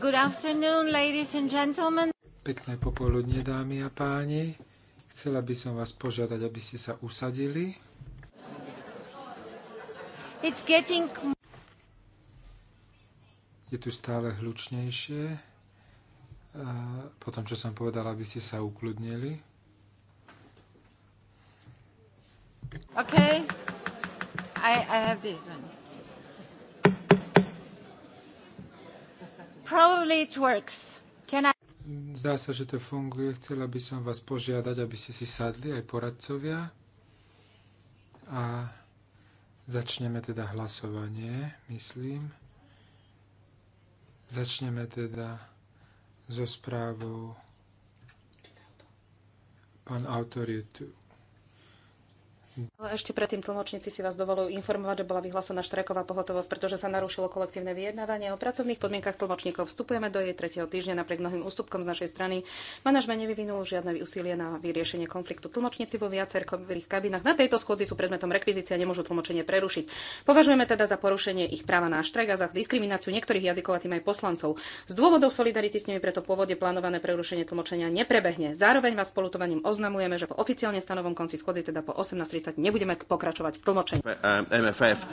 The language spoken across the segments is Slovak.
Good afternoon, ladies and gentlemen. Pekné popoludne, dámy a páni. Chcela by som vás požiadať, aby ste sa usadili. It's getting... Je tu stále hlučnejšie. Po tom, čo som povedala, aby ste sa ukludnili. OK. I, I have this one. Probably it works. Can I... Zdá sa, že to funguje. Chcela by som vás požiadať, aby ste si sadli aj poradcovia. A začneme teda hlasovanie, myslím. Začneme teda so správou. Pán autor je tu. Ale ešte predtým tlmočníci si vás dovolujú informovať, že bola vyhlásená štreková pohotovosť, pretože sa narušilo kolektívne vyjednávanie o pracovných podmienkach tlmočníkov. Vstupujeme do jej tretieho týždňa napriek mnohým ústupkom z našej strany. Manažment nevyvinul žiadne úsilie na vyriešenie konfliktu. Tlmočníci vo viacerkových kabinách na tejto schôdzi sú predmetom rekvizície a nemôžu tlmočenie prerušiť. Považujeme teda za porušenie ich práva na štrajk a za diskrimináciu niektorých jazykov a tým aj poslancov. Z dôvodov solidarity s nimi preto pôvodne plánované prerušenie tlmočenia neprebehne. Zároveň vás spolutovaním oznamujeme, že po oficiálne stanovom konci schôdzi, teda po 18. 40. nebudeme pokračovať v tlmočení. MFF.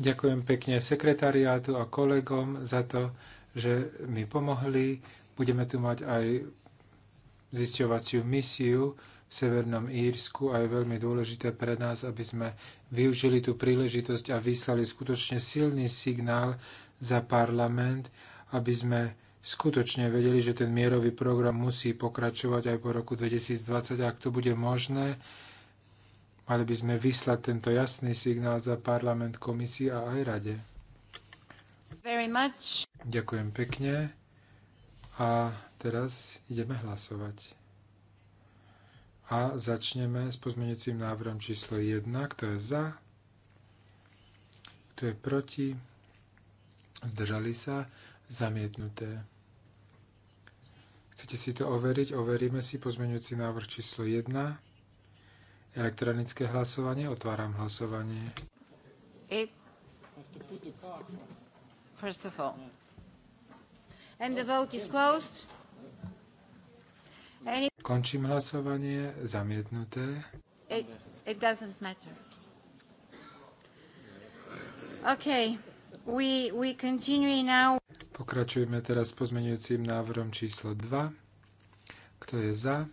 Ďakujem pekne sekretariátu a kolegom za to, že mi pomohli. Budeme tu mať aj zisťovaciu misiu v Severnom Írsku a je veľmi dôležité pre nás, aby sme využili tú príležitosť a vyslali skutočne silný signál za parlament, aby sme skutočne vedeli, že ten mierový program musí pokračovať aj po roku 2020, ak to bude možné Mali by sme vyslať tento jasný signál za parlament, komisii a aj rade. Very much. Ďakujem pekne. A teraz ideme hlasovať. A začneme s pozmeňujúcim návrhom číslo 1, kto je za, kto je proti, zdržali sa, zamietnuté. Chcete si to overiť? Overíme si pozmeňujúci návrh číslo 1. Elektronické hlasovanie. Otváram hlasovanie. It... First of all. And the vote is closed. And it... Končím hlasovanie. Zamietnuté. It, it doesn't matter. Okay. We, we continue now. Pokračujeme teraz s pozmenujúcim návrhom číslo 2. Kto je za?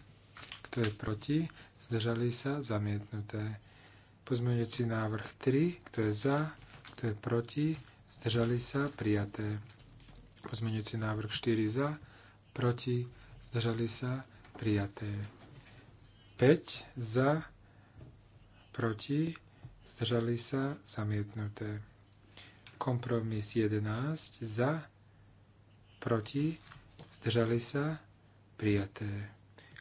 Kto je proti? zdržali sa, zamietnuté. Pozmeňujúci návrh 3, kto je za, kto je proti, zdržali sa, prijaté. Pozmeňujúci návrh 4 za, proti, zdržali sa, prijaté. 5 za, proti, zdržali sa, zamietnuté. Kompromis 11 za, proti, zdržali sa, prijaté.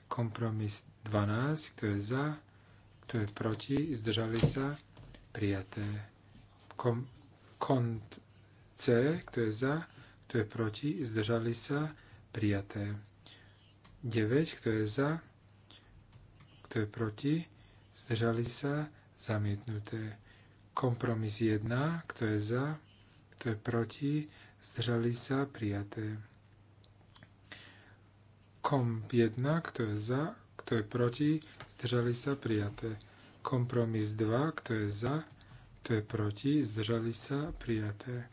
Kompromis 12, kto je za, kto je proti, zdržali sa, prijaté. Kom, kont C, kto je za, kto je proti, zdržali sa, prijaté. 9, kto je za, kto je proti, zdržali sa, zamietnuté. Kompromis 1, kto je za, kto je proti, zdržali sa, prijaté. Komp 1, kto je za, kto je proti, zdržali sa prijaté. Kompromis 2, kto je za, kto je proti, zdržali sa prijaté.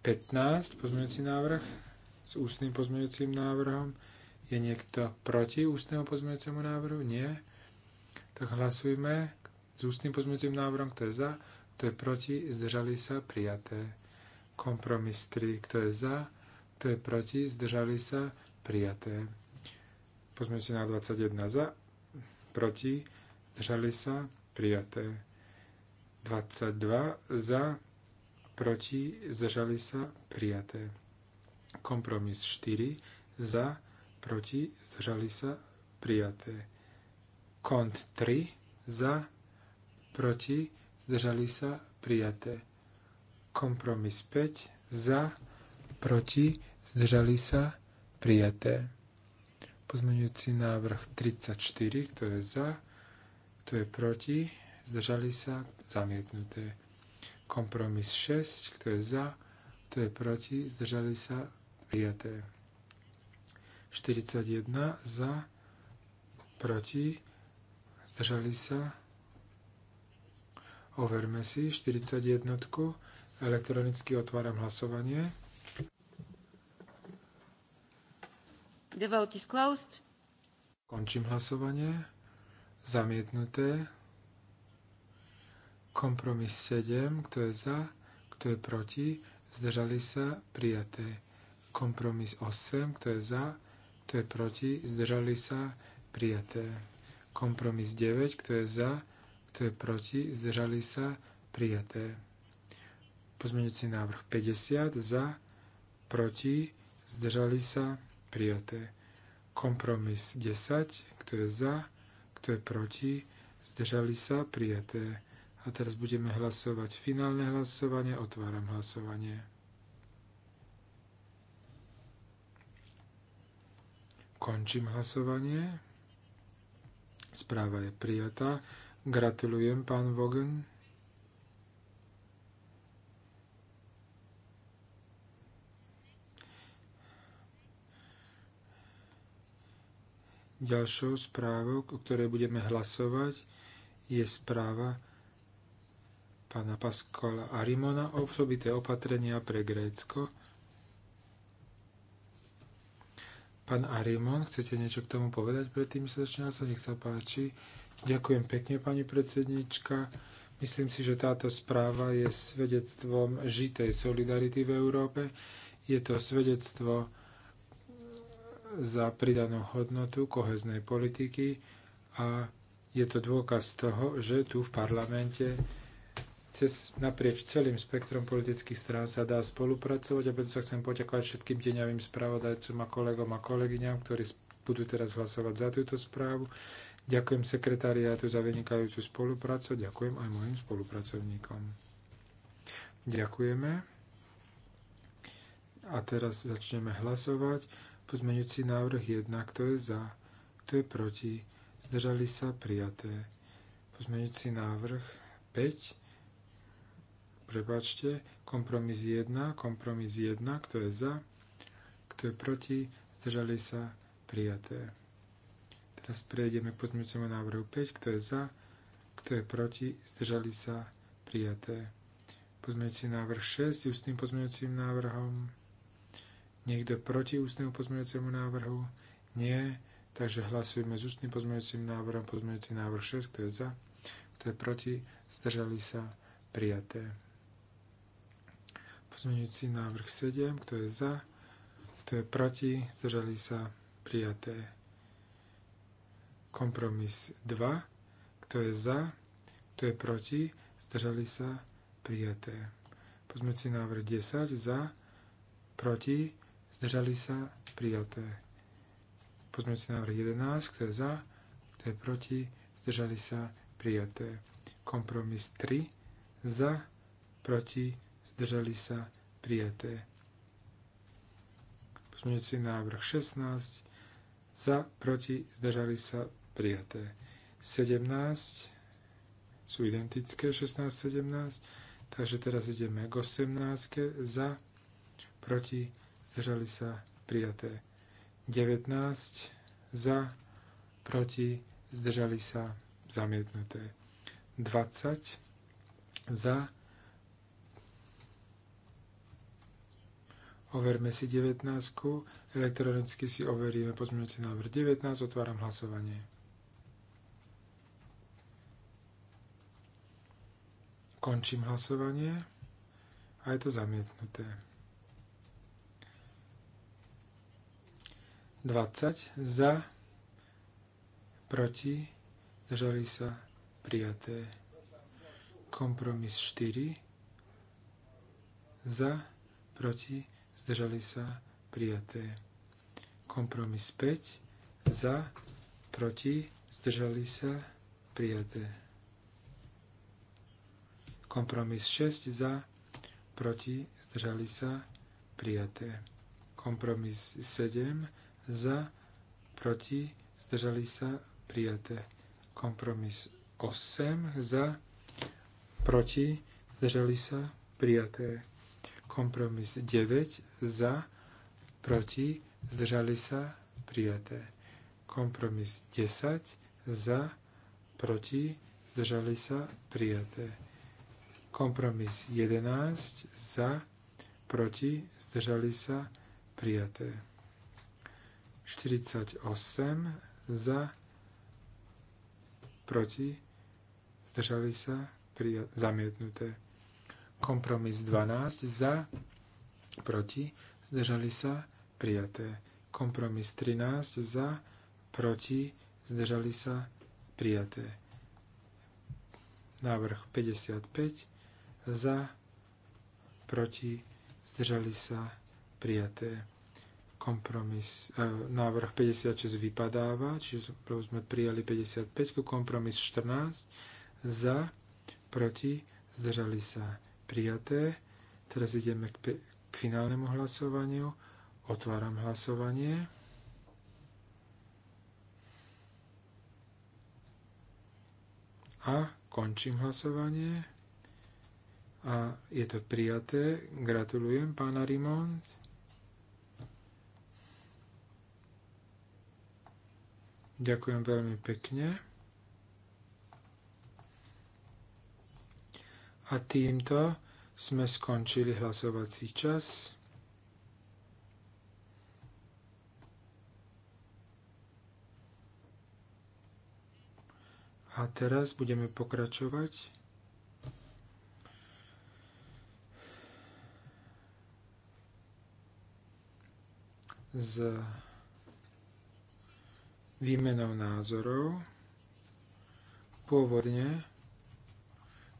15, pozmeňujúci návrh s ústnym pozmeňujúcim návrhom. Je niekto proti ústnemu pozmeňujúcemu návrhu? Nie. Tak hlasujme s ústnym pozmeňujúcim návrhom, kto je za, kto je proti, zdržali sa prijaté. Kompromis 3, kto je za, kto je proti, zdržali sa prijaté. Pozme si na 21 za, proti, zdržali sa, prijaté. 22 za, proti, zdržali sa, prijaté. Kompromis 4 za, proti, zdržali sa, prijaté. Kont 3 za, proti, zdržali sa, prijaté. Kompromis 5 za, proti, zdržali sa, prijaté. Pozmeňujúci návrh 34, kto je za, kto je proti, zdržali sa, zamietnuté. Kompromis 6, kto je za, kto je proti, zdržali sa, prijaté. 41 za, proti, zdržali sa, overme si 41, elektronicky otváram hlasovanie. The vote is closed. Končím hlasovanie. Zamietnuté. Kompromis 7. Kto je za? Kto je proti? Zdržali sa? Prijaté. Kompromis 8. Kto je za? Kto je proti? Zdržali sa? Prijaté. Kompromis 9. Kto je za? Kto je proti? Zdržali sa? Prijaté. Pozmeňujúci návrh 50. Za? Proti? Zdržali sa? prijaté. Kompromis 10, kto je za, kto je proti, zdržali sa, prijaté. A teraz budeme hlasovať finálne hlasovanie, otváram hlasovanie. Končím hlasovanie. Správa je prijatá. Gratulujem, pán Vogen. Ďalšou správou, o ktorej budeme hlasovať, je správa pána Paskola Arimona o osobité opatrenia pre Grécko. Pán Arimon, chcete niečo k tomu povedať predtým, srdečne sa nech sa páči. Ďakujem pekne, pani predsednička. Myslím si, že táto správa je svedectvom žitej solidarity v Európe. Je to svedectvo za pridanú hodnotu koheznej politiky a je to dôkaz toho, že tu v parlamente cez, naprieč celým spektrom politických strán sa dá spolupracovať a preto sa chcem poďakovať všetkým deňavým spravodajcom a kolegom a kolegyňam, ktorí budú teraz hlasovať za túto správu. Ďakujem sekretariátu za vynikajúcu spoluprácu, ďakujem aj mojim spolupracovníkom. Ďakujeme. A teraz začneme hlasovať. Pozmeňujúci návrh 1, kto je za, kto je proti, zdržali sa prijaté. Pozmeňujúci návrh 5, prepačte, kompromis 1, kompromis 1, kto je za, kto je proti, zdržali sa prijaté. Teraz prejdeme k pozmeňujúcemu návrhu 5, kto je za, kto je proti, zdržali sa prijaté. Pozmeňujúci návrh 6 s pozmeňujúcim návrhom. Niekto proti ústnemu pozmeňujúcemu návrhu? Nie. Takže hlasujeme s ústnym pozmeňujúcim návrhom pozmeňujúci návrh 6, kto je za, kto je proti, zdržali sa, prijaté. Pozmeňujúci návrh 7, kto je za, kto je proti, zdržali sa, prijaté. Kompromis 2, kto je za, kto je proti, zdržali sa, prijaté. Pozmeňujúci návrh 10, za, proti, zdržali sa, prijaté. Pozmeňujúci návrh 11, kto je za, kto je proti, zdržali sa, prijaté. Kompromis 3, za, proti, zdržali sa, prijaté. Pozmeňujúci návrh 16, za, proti, zdržali sa, prijaté. 17, sú identické, 16, 17, takže teraz ideme k 18, za, proti, zdržali sa prijaté. 19 za, proti, zdržali sa zamietnuté. 20 za, overme si 19, elektronicky si overíme pozmeňujúci návrh 19, otváram hlasovanie. Končím hlasovanie a je to zamietnuté. 20 za, proti, zdržali sa prijaté. Kompromis 4 za, proti, zdržali sa prijaté. Kompromis 5 za, proti, zdržali sa prijaté. Kompromis 6 za, proti, zdržali sa prijaté. Kompromis 7 za, proti, zdržali sa, prijaté. Kompromis 8 za, proti, zdržali sa, prijaté. Kompromis 9 za, proti, zdržali sa, prijaté. Kompromis 10 za, proti, zdržali sa, prijaté. Kompromis 11 za, proti, zdržali sa, prijaté. 48 za, proti, zdržali sa, zamietnuté. Kompromis 12 za, proti, zdržali sa, prijaté. Kompromis 13 za, proti, zdržali sa, prijaté. Návrh 55 za, proti, zdržali sa, prijaté kompromis, e, návrh 56 vypadáva, čiže sme prijali 55, kompromis 14, za, proti, zdržali sa prijaté. Teraz ideme k, k finálnemu hlasovaniu. Otváram hlasovanie. A končím hlasovanie. A je to prijaté. Gratulujem, pána Rimont. Ďakujem veľmi pekne. A týmto sme skončili hlasovací čas. A teraz budeme pokračovať. s výmenou názorov. Pôvodne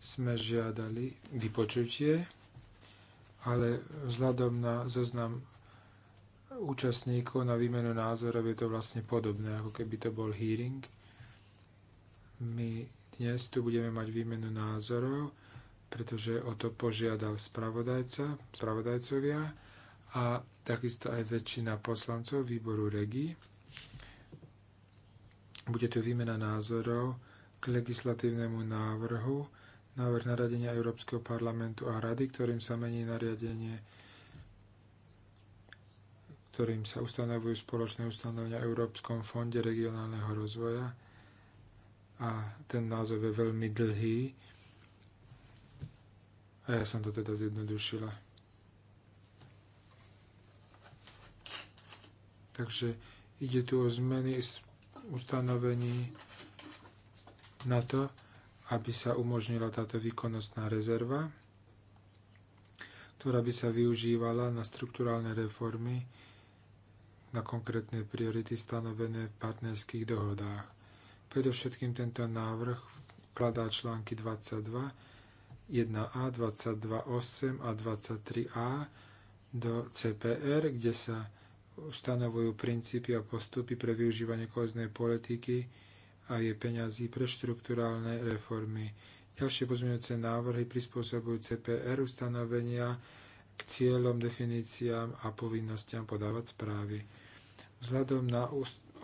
sme žiadali vypočutie, ale vzhľadom na zoznam účastníkov na výmenu názorov je to vlastne podobné, ako keby to bol hearing. My dnes tu budeme mať výmenu názorov, pretože o to požiadal spravodajca, spravodajcovia a takisto aj väčšina poslancov výboru regii. Bude tu výmena názorov k legislatívnemu návrhu, návrh naradenia Európskeho parlamentu a rady, ktorým sa mení nariadenie ktorým sa ustanovujú spoločné ustanovenia Európskom fonde regionálneho rozvoja. A ten názov je veľmi dlhý. A ja som to teda zjednodušila. Takže ide tu o zmeny ustanovení na to, aby sa umožnila táto výkonnostná rezerva, ktorá by sa využívala na strukturálne reformy, na konkrétne priority stanovené v partnerských dohodách. Predovšetkým tento návrh vkladá články 22, 1a, 22.8 a 23a do CPR, kde sa stanovujú princípy a postupy pre využívanie koheznej politiky a jej peňazí pre štrukturálne reformy. Ďalšie pozmeňujúce návrhy prispôsobujú CPR ustanovenia k cieľom, definíciám a povinnostiam podávať správy. Vzhľadom na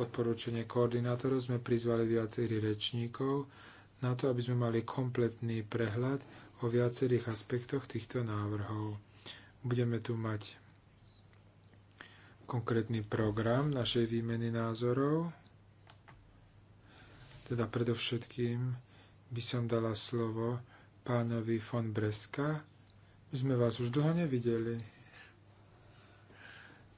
odporúčanie koordinátorov sme prizvali viacerých rečníkov na to, aby sme mali kompletný prehľad o viacerých aspektoch týchto návrhov. Budeme tu mať konkrétny program našej výmeny názorov. Teda predovšetkým by som dala slovo pánovi von Breska. My sme vás už dlho nevideli.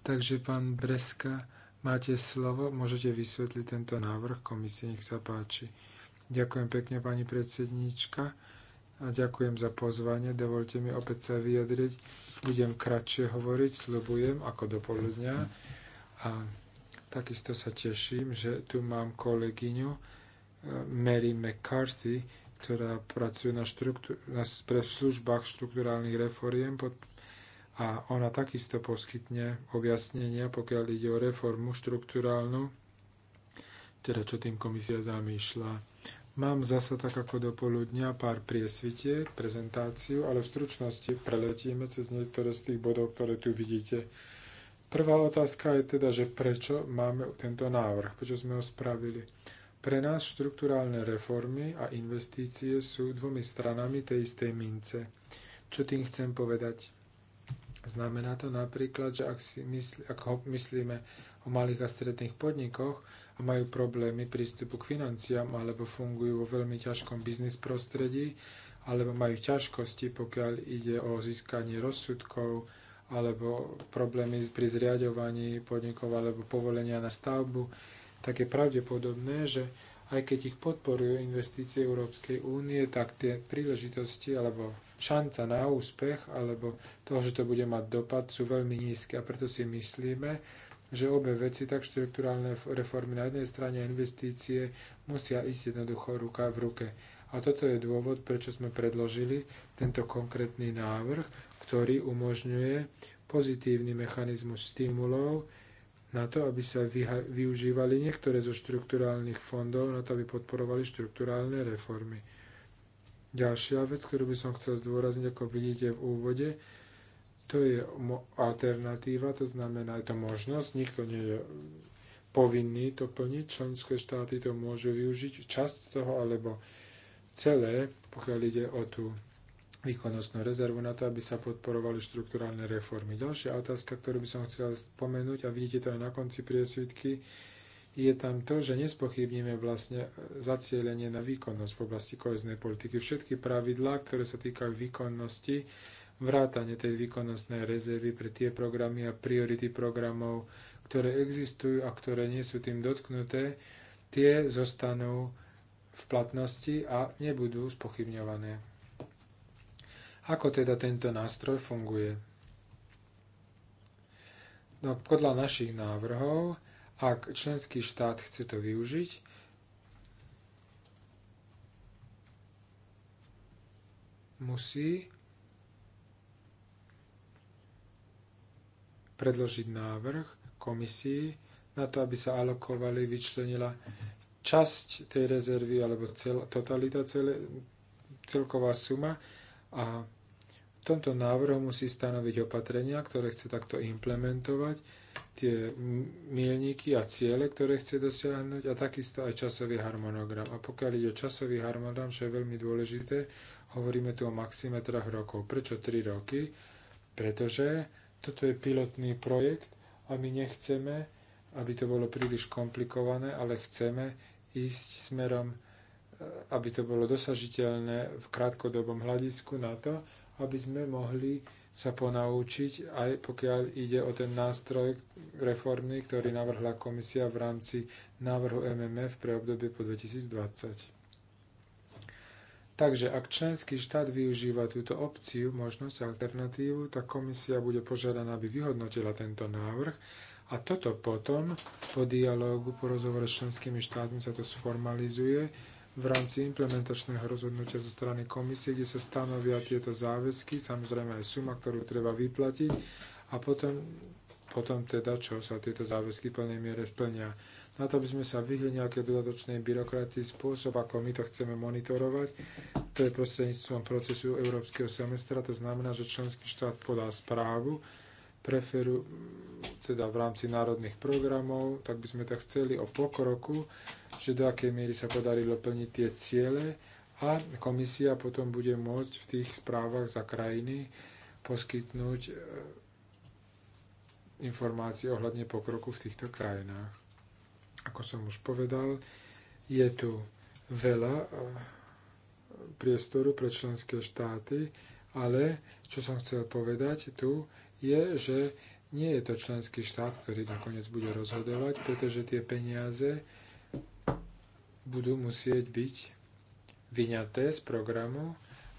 Takže pán Breska, máte slovo, môžete vysvetliť tento návrh komisie, nech sa páči. Ďakujem pekne, pani predsedníčka a ďakujem za pozvanie. Dovolte mi opäť sa vyjadriť. Budem kratšie hovoriť, Slobujem ako do poludňa. A takisto sa teším, že tu mám kolegyňu eh, Mary McCarthy, ktorá pracuje na, štruktú- na pre službách štruktúrálnych reforiem pod- a ona takisto poskytne objasnenia, pokiaľ ide o reformu štruktúrálnu, teda čo tým komisia zamýšľa Mám zase tak ako do poludnia pár priesvitiek, prezentáciu, ale v stručnosti preletíme cez niektoré z tých bodov, ktoré tu vidíte. Prvá otázka je teda, že prečo máme tento návrh, prečo sme ho spravili. Pre nás štruktúrálne reformy a investície sú dvomi stranami tej istej mince. Čo tým chcem povedať? Znamená to napríklad, že ak, si mysl, ak myslíme o malých a stredných podnikoch a majú problémy prístupu k financiám alebo fungujú vo veľmi ťažkom biznis prostredí alebo majú ťažkosti, pokiaľ ide o získanie rozsudkov alebo problémy pri zriadovaní podnikov alebo povolenia na stavbu, tak je pravdepodobné, že aj keď ich podporujú investície Európskej únie, tak tie príležitosti alebo šanca na úspech alebo toho, že to bude mať dopad, sú veľmi nízke. A preto si myslíme, že obe veci, tak štruktúrálne reformy na jednej strane a investície musia ísť jednoducho ruka v ruke. A toto je dôvod, prečo sme predložili tento konkrétny návrh, ktorý umožňuje pozitívny mechanizmus stimulov na to, aby sa využívali niektoré zo štrukturálnych fondov na to, aby podporovali štrukturálne reformy. Ďalšia vec, ktorú by som chcel zdôrazniť, ako vidíte v úvode, to je alternatíva, to znamená, je to možnosť, nikto nie je povinný to plniť, členské štáty to môžu využiť, časť z toho alebo celé, pokiaľ ide o tú výkonnostnú rezervu na to, aby sa podporovali štruktúralne reformy. Ďalšia otázka, ktorú by som chcel spomenúť, a vidíte to aj na konci priesvitky, je tam to, že nespochybníme vlastne zacielenie na výkonnosť v oblasti koheznej politiky. Všetky pravidlá, ktoré sa týkajú výkonnosti, vrátane tej výkonnostnej rezervy pre tie programy a priority programov, ktoré existujú a ktoré nie sú tým dotknuté, tie zostanú v platnosti a nebudú spochybňované. Ako teda tento nástroj funguje? No, podľa našich návrhov, ak členský štát chce to využiť, musí predložiť návrh komisii na to, aby sa alokovali, vyčlenila časť tej rezervy alebo cel, totalita, cel, celková suma a v tomto návrhu musí stanoviť opatrenia, ktoré chce takto implementovať, tie mielníky a ciele, ktoré chce dosiahnuť a takisto aj časový harmonogram. A pokiaľ ide o časový harmonogram, čo je veľmi dôležité, hovoríme tu o maxime 3 rokov. Prečo 3 roky? Pretože toto je pilotný projekt a my nechceme, aby to bolo príliš komplikované, ale chceme ísť smerom, eh, aby to bolo dosažiteľné v krátkodobom hľadisku na to, aby sme mohli sa ponaučiť, aj pokiaľ ide o ten nástroj reformy, ktorý navrhla komisia v rámci návrhu MMF pre obdobie po 2020. Takže ak členský štát využíva túto opciu, možnosť, alternatívu, tak komisia bude požiadaná, aby vyhodnotila tento návrh a toto potom po dialógu, po rozhovore s členskými štátmi sa to sformalizuje v rámci implementačného rozhodnutia zo strany komisie, kde sa stanovia tieto záväzky, samozrejme aj suma, ktorú treba vyplatiť a potom, potom teda, čo sa tieto záväzky v plnej miere splnia na to, aby sme sa vyhli nejaké dodatočnej byrokracii, spôsob, ako my to chceme monitorovať, to je prostredníctvom procesu európskeho semestra, to znamená, že členský štát podá správu, preferu, teda v rámci národných programov, tak by sme to chceli o pokroku, že do akej miery sa podarilo plniť tie ciele a komisia potom bude môcť v tých správach za krajiny poskytnúť e, informácie ohľadne pokroku v týchto krajinách. Ako som už povedal, je tu veľa eh, priestoru pre členské štáty, ale čo som chcel povedať tu je, že nie je to členský štát, ktorý nakoniec bude rozhodovať, pretože tie peniaze budú musieť byť vyňaté z programu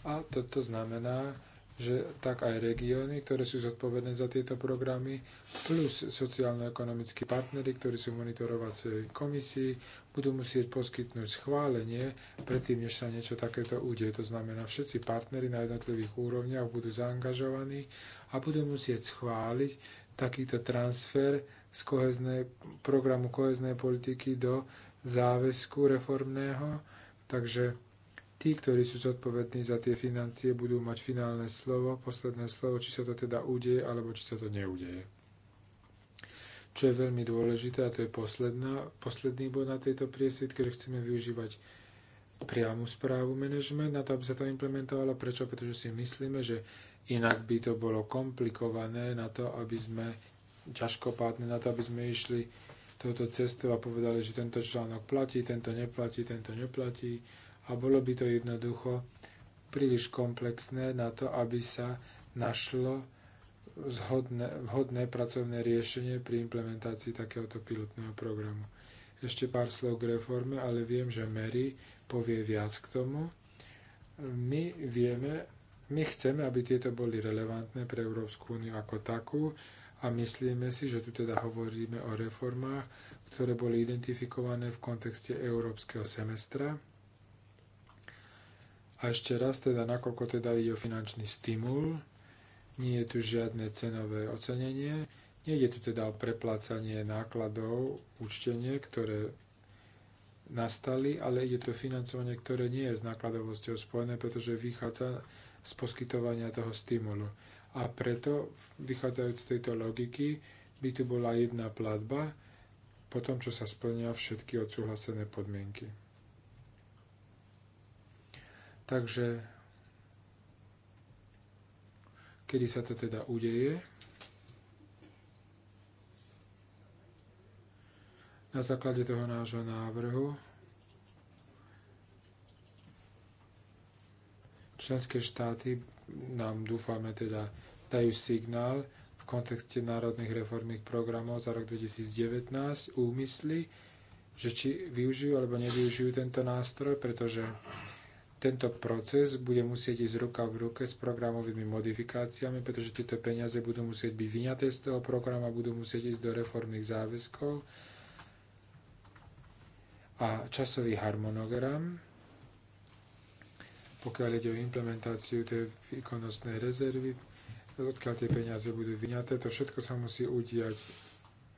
a toto znamená, že tak aj regióny, ktoré sú zodpovedné za tieto programy, plus sociálno-ekonomickí partnery, ktorí sú monitorovacej komisii, budú musieť poskytnúť schválenie predtým, než sa niečo takéto udeje. To znamená, všetci partnery na jednotlivých úrovniach budú zaangažovaní a budú musieť schváliť takýto transfer z kohezné, programu koheznej politiky do záväzku reformného. Takže tí, ktorí sú zodpovední za tie financie, budú mať finálne slovo, posledné slovo, či sa to teda udeje, alebo či sa to neudeje. Čo je veľmi dôležité, a to je posledná, posledný bod na tejto priesvitke, že chceme využívať priamu správu manažment na to, aby sa to implementovalo. Prečo? Pretože si myslíme, že inak by to bolo komplikované na to, aby sme ťažkopádne na to, aby sme išli touto cestou a povedali, že tento článok platí, tento neplatí, tento neplatí a bolo by to jednoducho príliš komplexné na to, aby sa našlo zhodné, vhodné pracovné riešenie pri implementácii takéhoto pilotného programu. Ešte pár slov k reforme, ale viem, že Mary povie viac k tomu. My vieme, my chceme, aby tieto boli relevantné pre Európsku úniu ako takú a myslíme si, že tu teda hovoríme o reformách, ktoré boli identifikované v kontexte európskeho semestra a ešte raz teda, nakoľko teda ide o finančný stimul, nie je tu žiadne cenové ocenenie, nie je tu teda o preplácanie nákladov, účtenie, ktoré nastali, ale je to financovanie, ktoré nie je s nákladovosťou spojené, pretože vychádza z poskytovania toho stimulu. A preto, vychádzajúc z tejto logiky, by tu bola jedna platba po tom, čo sa splnia všetky odsúhlasené podmienky. Takže kedy sa to teda udeje? Na základe toho nášho návrhu členské štáty nám dúfame teda dajú signál v kontexte národných reformných programov za rok 2019 úmysly, že či využijú alebo nevyužijú tento nástroj, pretože tento proces bude musieť ísť ruka v ruke s programovými modifikáciami, pretože tieto peniaze budú musieť byť vyňaté z toho programu a budú musieť ísť do reformných záväzkov. A časový harmonogram, pokiaľ ide o implementáciu tej výkonnostnej rezervy, odkiaľ tie peniaze budú vyňaté, to všetko sa musí udiať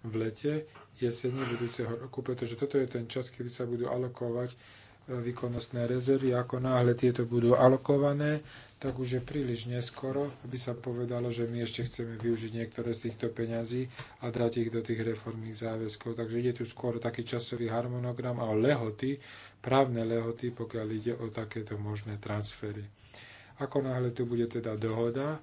v lete, jesene budúceho roku, pretože toto je ten čas, kedy sa budú alokovať výkonnostné rezervy, ako náhle tieto budú alokované, tak už je príliš neskoro, aby sa povedalo, že my ešte chceme využiť niektoré z týchto peňazí a dať ich do tých reformných záväzkov. Takže ide tu skôr taký časový harmonogram a lehoty, právne lehoty, pokiaľ ide o takéto možné transfery. Ako náhle tu bude teda dohoda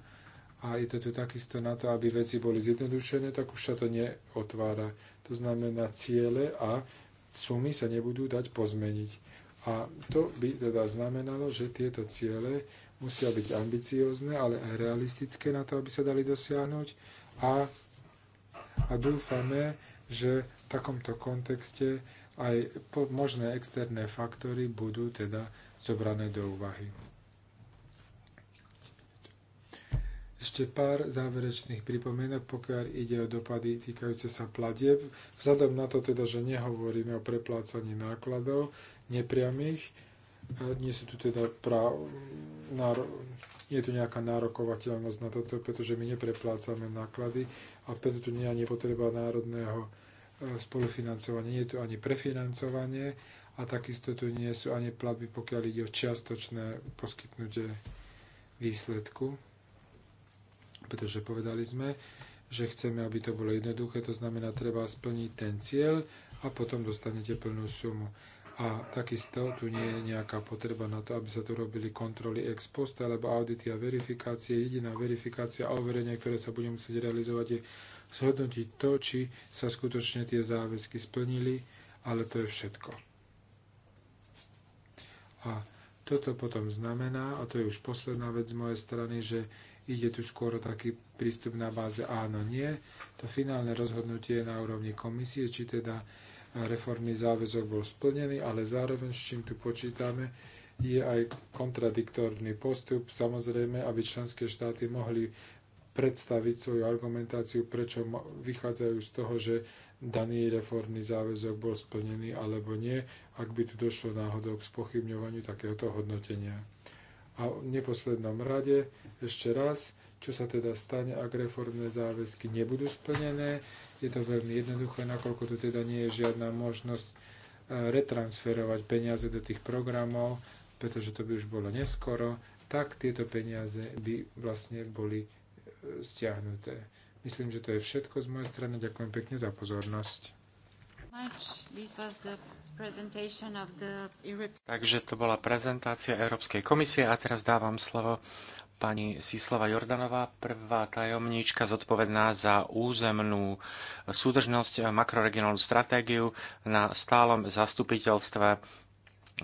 a je to tu takisto na to, aby veci boli zjednodušené, tak už sa to neotvára. To znamená, ciele a sumy sa nebudú dať pozmeniť a to by teda znamenalo, že tieto ciele musia byť ambiciózne, ale aj realistické na to, aby sa dali dosiahnuť. A, a dúfame, že v takomto kontexte aj možné externé faktory budú teda zobrané do úvahy. Ešte pár záverečných pripomienok, pokiaľ ide o dopady týkajúce sa platieb. Vzhľadom na to teda, že nehovoríme o preplácaní nákladov, nepriamých. Nie sú tu teda práv, náro, nie je tu nejaká nárokovateľnosť na toto, pretože my nepreplácame náklady a preto tu nie je ani potreba národného e, spolufinancovania, nie je tu ani prefinancovanie a takisto tu nie sú ani platby, pokiaľ ide o čiastočné poskytnutie výsledku, pretože povedali sme, že chceme, aby to bolo jednoduché, to znamená, treba splniť ten cieľ a potom dostanete plnú sumu. A takisto tu nie je nejaká potreba na to, aby sa tu robili kontroly ex post alebo audity a verifikácie. Jediná verifikácia a overenie, ktoré sa bude musieť realizovať, je zhodnotiť to, či sa skutočne tie záväzky splnili, ale to je všetko. A toto potom znamená, a to je už posledná vec z mojej strany, že ide tu skôr taký prístup na báze áno, nie. To finálne rozhodnutie je na úrovni komisie, či teda reformný záväzok bol splnený, ale zároveň s čím tu počítame, je aj kontradiktorný postup, samozrejme, aby členské štáty mohli predstaviť svoju argumentáciu, prečo vychádzajú z toho, že daný reformný záväzok bol splnený alebo nie, ak by tu došlo náhodou k spochybňovaniu takéhoto hodnotenia. A v neposlednom rade ešte raz, čo sa teda stane, ak reformné záväzky nebudú splnené, je to veľmi jednoduché, nakoľko tu teda nie je žiadna možnosť e, retransferovať peniaze do tých programov, pretože to by už bolo neskoro, tak tieto peniaze by vlastne boli e, stiahnuté. Myslím, že to je všetko z mojej strany. Ďakujem pekne za pozornosť. Takže to bola prezentácia Európskej komisie a teraz dávam slovo pani Sislava Jordanová, prvá tajomníčka zodpovedná za územnú súdržnosť, makroregionálnu stratégiu na stálom zastupiteľstve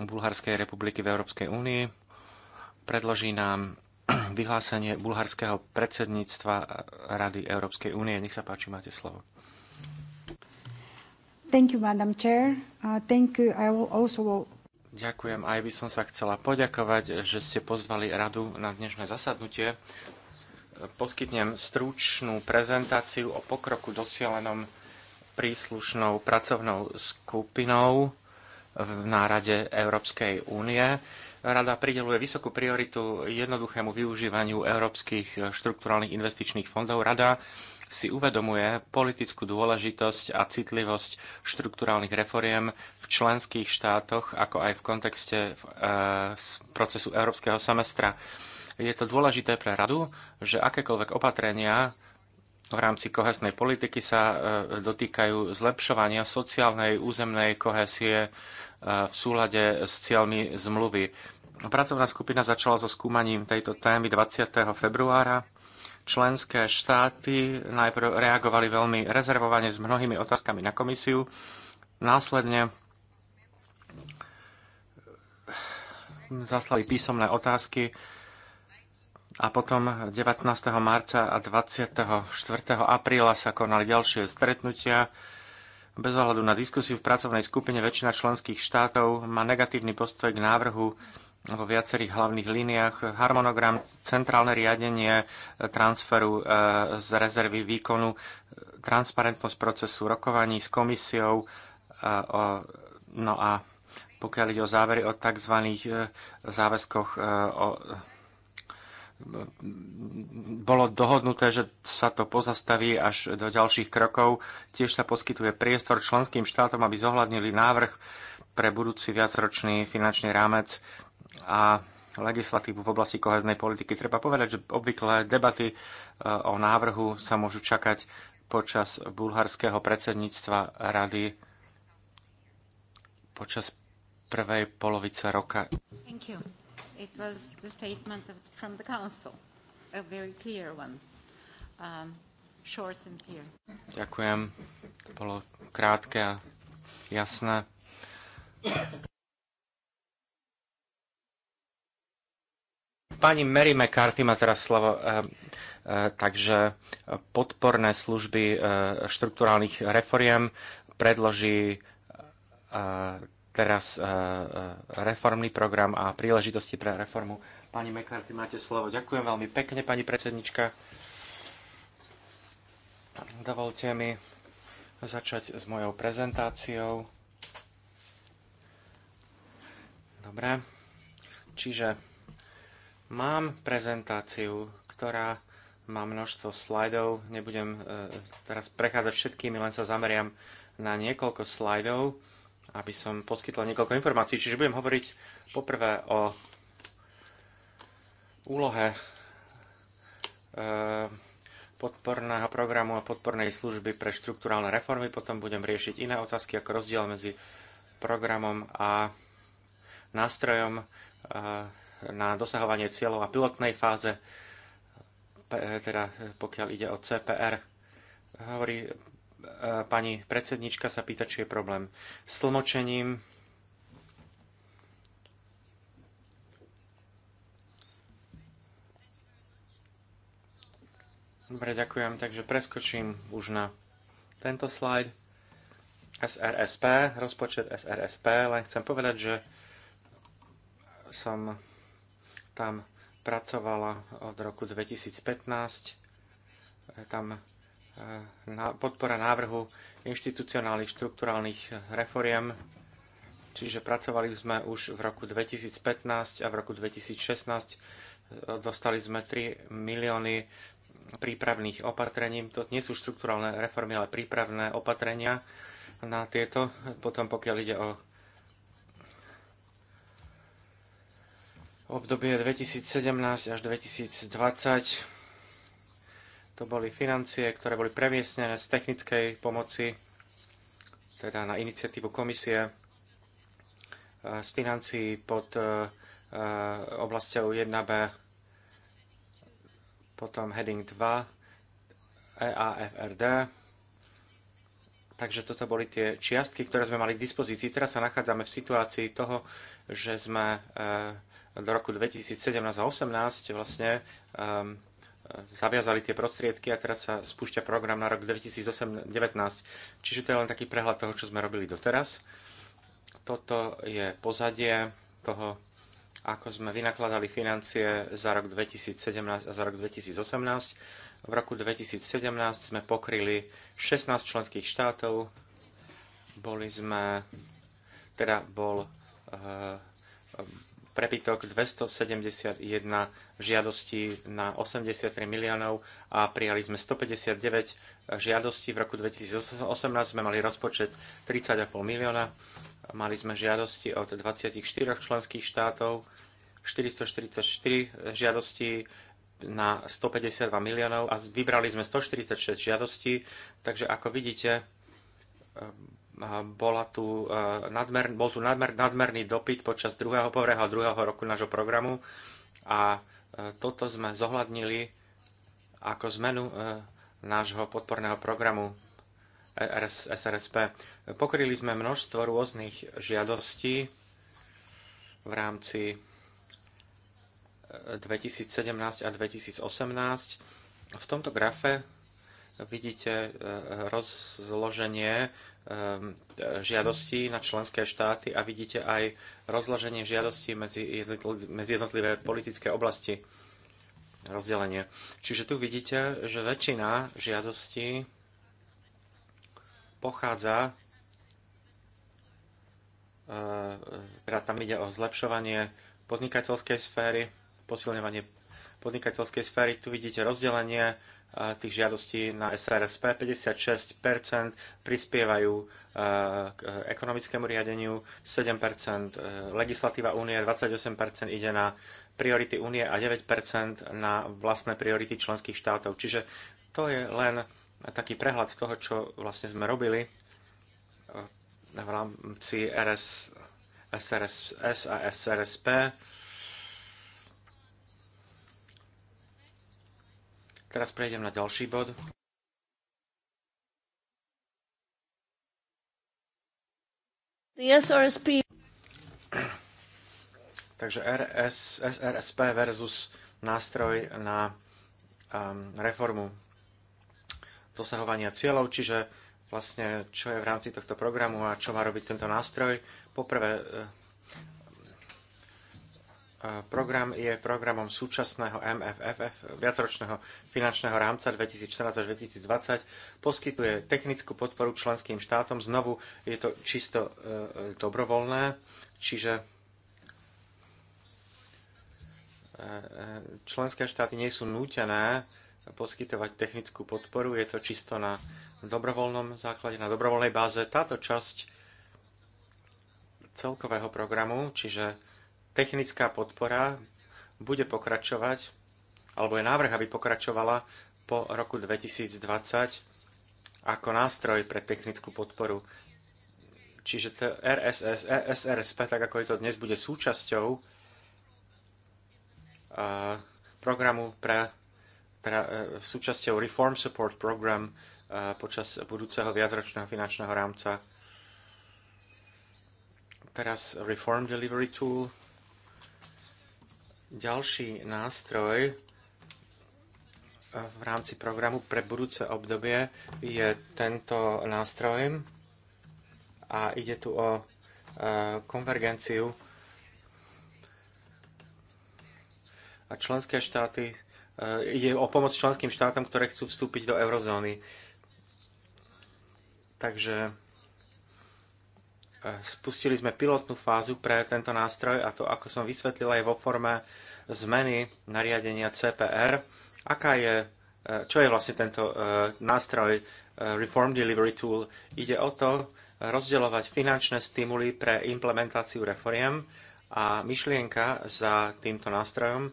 Bulharskej republiky v Európskej únii. Predloží nám vyhlásenie bulharského predsedníctva Rady Európskej únie. Nech sa páči, máte slovo. Thank you, Madam Chair. Uh, thank you. I will also Ďakujem. Aj by som sa chcela poďakovať, že ste pozvali radu na dnešné zasadnutie. Poskytnem stručnú prezentáciu o pokroku dosielenom príslušnou pracovnou skupinou v nárade Európskej únie. Rada prideluje vysokú prioritu jednoduchému využívaniu európskych štrukturálnych investičných fondov. Rada si uvedomuje politickú dôležitosť a citlivosť štrukturálnych reforiem členských štátoch, ako aj v kontexte e, procesu európskeho semestra. Je to dôležité pre radu, že akékoľvek opatrenia v rámci kohesnej politiky sa e, dotýkajú zlepšovania sociálnej územnej kohesie e, v súlade s cieľmi zmluvy. Pracovná skupina začala so skúmaním tejto témy 20. februára. Členské štáty najprv reagovali veľmi rezervovane s mnohými otázkami na komisiu. Následne zaslali písomné otázky a potom 19. marca a 24. apríla sa konali ďalšie stretnutia. Bez ohľadu na diskusiu v pracovnej skupine väčšina členských štátov má negatívny postoj k návrhu vo viacerých hlavných líniách. Harmonogram, centrálne riadenie transferu e, z rezervy výkonu, transparentnosť procesu rokovaní s komisiou, e, no a pokiaľ ide o závery o tzv. E, záväzkoch e, o bolo dohodnuté, že sa to pozastaví až do ďalších krokov. Tiež sa poskytuje priestor členským štátom, aby zohľadnili návrh pre budúci viacročný finančný rámec a legislatívu v oblasti koheznej politiky. Treba povedať, že obvykle debaty e, o návrhu sa môžu čakať počas bulharského predsedníctva rady počas prvej polovice roka. Um, Ďakujem. To Bolo krátke a jasné. Pani Mary McCarthy má teraz slovo. Eh, eh, takže podporné služby eh, štruktúrálnych reforiem predloží teraz e, e, reformný program a príležitosti pre reformu. Pani McCarthy, máte slovo. Ďakujem veľmi pekne, pani predsednička. Dovolte mi začať s mojou prezentáciou. Dobre. Čiže mám prezentáciu, ktorá má množstvo slajdov. Nebudem e, teraz prechádzať všetkými, len sa zameriam na niekoľko slajdov aby som poskytla niekoľko informácií. Čiže budem hovoriť poprvé o úlohe e, podporného programu a podpornej služby pre štruktúrálne reformy. Potom budem riešiť iné otázky ako rozdiel medzi programom a nástrojom e, na dosahovanie cieľov a pilotnej fáze, teda pokiaľ ide o CPR. Hovorí, E, pani predsednička sa pýta, či je problém s tlmočením. Dobre, ďakujem. Takže preskočím už na tento slide. SRSP, rozpočet SRSP. Len chcem povedať, že som tam pracovala od roku 2015. Tam Eh, podpora návrhu inštitucionálnych štrukturálnych reforiem. Čiže pracovali sme už v roku 2015 a v roku 2016 eh, dostali sme 3 milióny prípravných opatrení. To nie sú štrukturálne reformy, ale prípravné opatrenia na tieto. Potom pokiaľ ide o obdobie 2017 až 2020, to boli financie, ktoré boli premiestnené z technickej pomoci, teda na iniciatívu komisie, e, z financií pod e, e, oblasťou 1B, potom heading 2, EAFRD. Takže toto boli tie čiastky, ktoré sme mali k dispozícii. Teraz sa nachádzame v situácii toho, že sme do roku 2017 a 2018 vlastne ehm, zaviazali tie prostriedky a teraz sa spúšťa program na rok 2019. Čiže to je len taký prehľad toho, čo sme robili doteraz. Toto je pozadie toho, ako sme vynakladali financie za rok 2017 a za rok 2018. V roku 2017 sme pokryli 16 členských štátov, boli sme, teda bol eh, prepytok 271 žiadostí na 83 miliónov a prijali sme 159 žiadostí. V roku 2018 sme mali rozpočet 30,5 milióna. Mali sme žiadosti od 24 členských štátov, 444 žiadosti na 152 miliónov a vybrali sme 146 žiadostí. Takže ako vidíte, bola tu e, nadmer, bol tu nadmer, nadmerný dopyt počas druhého povrého druhého roku nášho programu a e, toto sme zohľadnili ako zmenu e, nášho podporného programu SRSP. Pokryli sme množstvo rôznych žiadostí v rámci 2017 a 2018. V tomto grafe vidíte rozloženie Um, žiadostí na členské štáty a vidíte aj rozloženie žiadostí medzi jednotlivé politické oblasti rozdelenie. Čiže tu vidíte, že väčšina žiadostí pochádza, uh, teda tam ide o zlepšovanie podnikateľskej sféry, posilňovanie podnikateľskej sféry. Tu vidíte rozdelenie tých žiadostí na SRSP. 56 prispievajú e, k ekonomickému riadeniu, 7 e, legislatíva únie, 28 ide na priority únie a 9 na vlastné priority členských štátov. Čiže to je len taký prehľad z toho, čo vlastne sme robili e, v rámci RS, SRS, S a SRSP Teraz prejdem na ďalší bod. The SRSP. Takže RS, SRSP versus nástroj na um, reformu dosahovania cieľov, čiže vlastne čo je v rámci tohto programu a čo má robiť tento nástroj. Poprvé, eh, program je programom súčasného MFFF, viacročného finančného rámca 2014 až 2020. Poskytuje technickú podporu členským štátom. Znovu je to čisto e, e, dobrovoľné, čiže e, členské štáty nie sú nútené poskytovať technickú podporu. Je to čisto na dobrovoľnom základe, na dobrovoľnej báze. Táto časť celkového programu, čiže Technická podpora bude pokračovať, alebo je návrh, aby pokračovala po roku 2020 ako nástroj pre technickú podporu. Čiže to RSS, SRSP, tak ako je to dnes, bude súčasťou programu pre teda súčasťou Reform Support Program počas budúceho viacročného finančného rámca. Teraz Reform Delivery Tool ďalší nástroj eh, v rámci programu pre budúce obdobie je tento nástroj a ide tu o eh, konvergenciu a členské štáty eh, ide o pomoc členským štátom, ktoré chcú vstúpiť do eurozóny. Takže Spustili sme pilotnú fázu pre tento nástroj a to, ako som vysvetlila, je vo forme zmeny nariadenia CPR. Aká je, e, čo je vlastne tento e, nástroj e, Reform Delivery Tool? Ide o to rozdeľovať finančné stimuly pre implementáciu reforiem a myšlienka za týmto nástrojom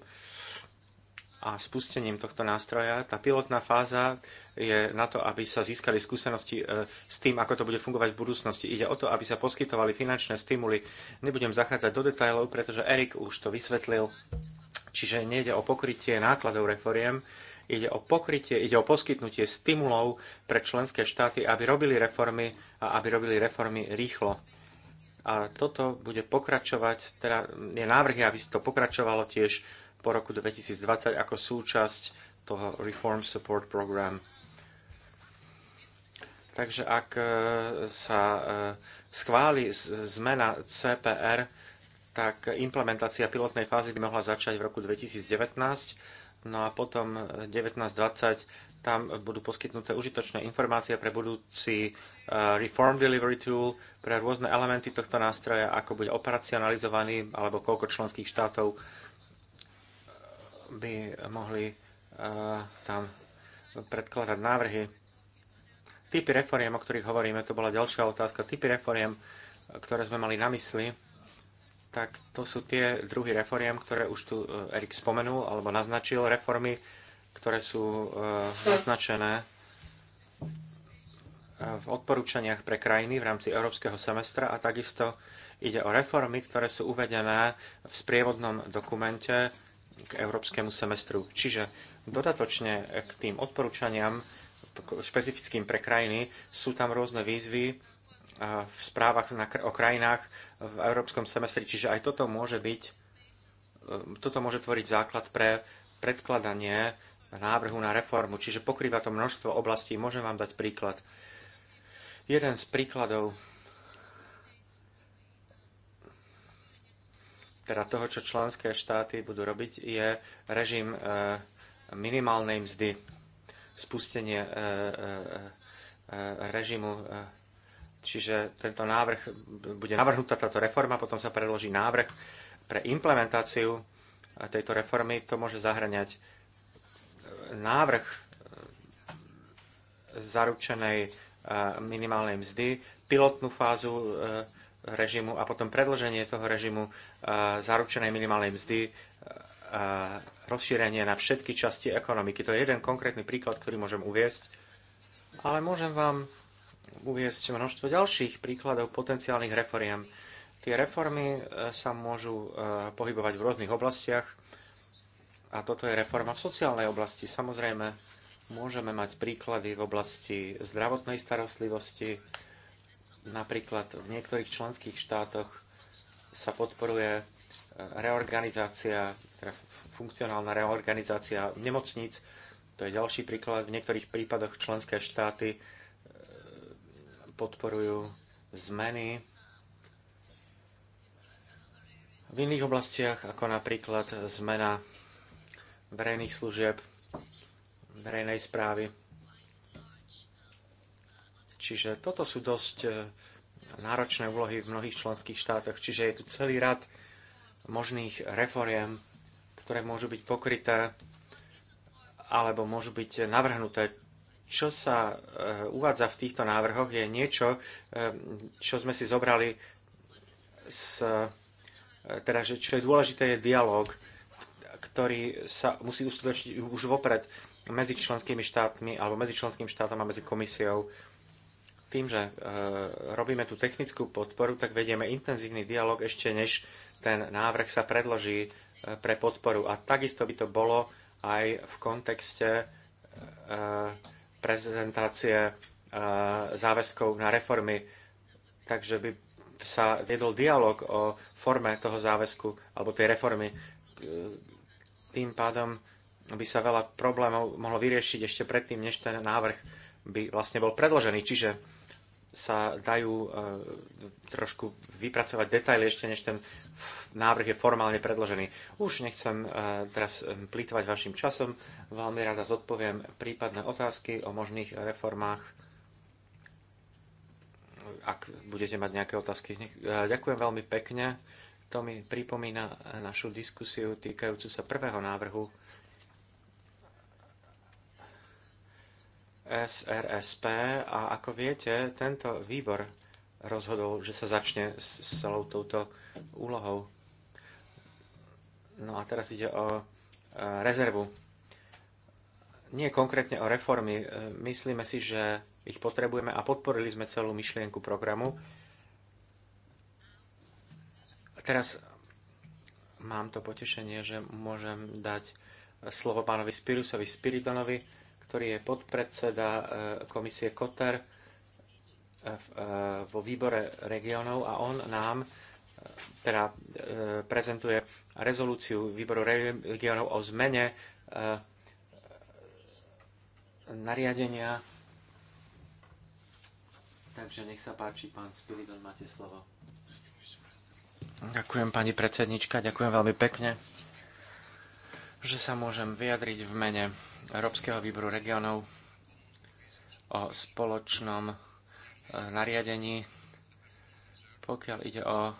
a spustením tohto nástroja. Tá pilotná fáza je na to, aby sa získali skúsenosti e, s tým, ako to bude fungovať v budúcnosti. Ide o to, aby sa poskytovali finančné stimuly. Nebudem zachádzať do detajlov, pretože Erik už to vysvetlil. Čiže nejde o pokrytie nákladov reforiem, ide o pokrytie, ide o poskytnutie stimulov pre členské štáty, aby robili reformy a aby robili reformy rýchlo. A toto bude pokračovať, teda je návrhy, aby to pokračovalo tiež po roku 2020 ako súčasť toho Reform Support Program. Takže ak e, sa e, schváli zmena CPR, tak implementácia pilotnej fázy by mohla začať v roku 2019, no a potom 1920 tam budú poskytnuté užitočné informácie pre budúci e, Reform Delivery Tool, pre rôzne elementy tohto nástroja, ako bude operacionalizovaný, alebo koľko členských štátov by mohli e, tam predkladať návrhy. Typy reforiem, o ktorých hovoríme, to bola ďalšia otázka. Typy reforiem, ktoré sme mali na mysli, tak to sú tie druhy reforiem, ktoré už tu e, Erik spomenul alebo naznačil. Reformy, ktoré sú e, naznačené v odporúčaniach pre krajiny v rámci európskeho semestra a takisto ide o reformy, ktoré sú uvedené v sprievodnom dokumente k európskemu semestru. Čiže dodatočne k tým odporúčaniam špecifickým pre krajiny sú tam rôzne výzvy eh, v správach o krajinách v európskom semestri, čiže aj toto môže byť eh, toto môže tvoriť základ pre predkladanie návrhu na reformu, čiže pokrýva to množstvo oblastí. Môžem vám dať príklad. Jeden z príkladov teda toho, čo členské štáty budú robiť, je režim e, minimálnej mzdy, spustenie e, e, režimu. Čiže tento návrh, bude navrhnutá táto reforma, potom sa predloží návrh pre implementáciu tejto reformy. To môže zahraňať návrh zaručenej minimálnej mzdy, pilotnú fázu režimu a potom predlženie toho režimu zaručenej minimálnej mzdy rozšírenie na všetky časti ekonomiky. To je jeden konkrétny príklad, ktorý môžem uviesť, ale môžem vám uviesť množstvo ďalších príkladov potenciálnych reforiem. Tie reformy e, sa môžu e, pohybovať v rôznych oblastiach a toto je reforma v sociálnej oblasti. Samozrejme, môžeme mať príklady v oblasti zdravotnej starostlivosti, Napríklad v niektorých členských štátoch sa podporuje e, reorganizácia, teda funkcionálna reorganizácia nemocníc. To je ďalší príklad. V niektorých prípadoch členské štáty e, podporujú zmeny v iných oblastiach, ako napríklad zmena verejných služieb, verejnej správy. Čiže toto sú dosť e, náročné úlohy v mnohých členských štátoch. Čiže je tu celý rad možných reforiem, ktoré môžu byť pokryté alebo môžu byť navrhnuté. Čo sa e, uvádza v týchto návrhoch je niečo, e, čo sme si zobrali z, teda, že čo je dôležité, je dialog, ktorý sa musí uskutočniť už vopred medzi členskými štátmi alebo medzi členským štátom a medzi komisiou tým, že e, robíme tú technickú podporu, tak vedieme intenzívny dialog ešte než ten návrh sa predloží e, pre podporu. A takisto by to bolo aj v e, prezentácie e, záväzkov na reformy. Takže by sa viedol dialog o forme toho záväzku alebo tej reformy. Tým pádom by sa veľa problémov mohlo vyriešiť ešte predtým, než ten návrh by vlastne bol predložený. Čiže sa dajú e, trošku vypracovať detaily ešte, než ten návrh je formálne predložený. Už nechcem e, teraz e, plýtvať vašim časom. Veľmi rada zodpoviem prípadné otázky o možných reformách. Ak budete mať nejaké otázky. Ďakujem veľmi pekne. To mi pripomína našu diskusiu týkajúcu sa prvého návrhu SRSP a ako viete, tento výbor rozhodol, že sa začne s celou touto úlohou. No a teraz ide o e, rezervu. Nie konkrétne o reformy. E, myslíme si, že ich potrebujeme a podporili sme celú myšlienku programu. teraz mám to potešenie, že môžem dať slovo pánovi Spirusovi Spiridonovi, ktorý je podpredseda e, komisie Kotar e, e, vo výbore regionov a on nám teda prezentuje rezolúciu výboru regionov o zmene nariadenia. Takže nech sa páči, pán Spiridon, máte slovo. Ďakujem, pani predsednička, ďakujem veľmi pekne, že sa môžem vyjadriť v mene Európskeho výboru regionov o spoločnom e, nariadení, pokiaľ ide o e,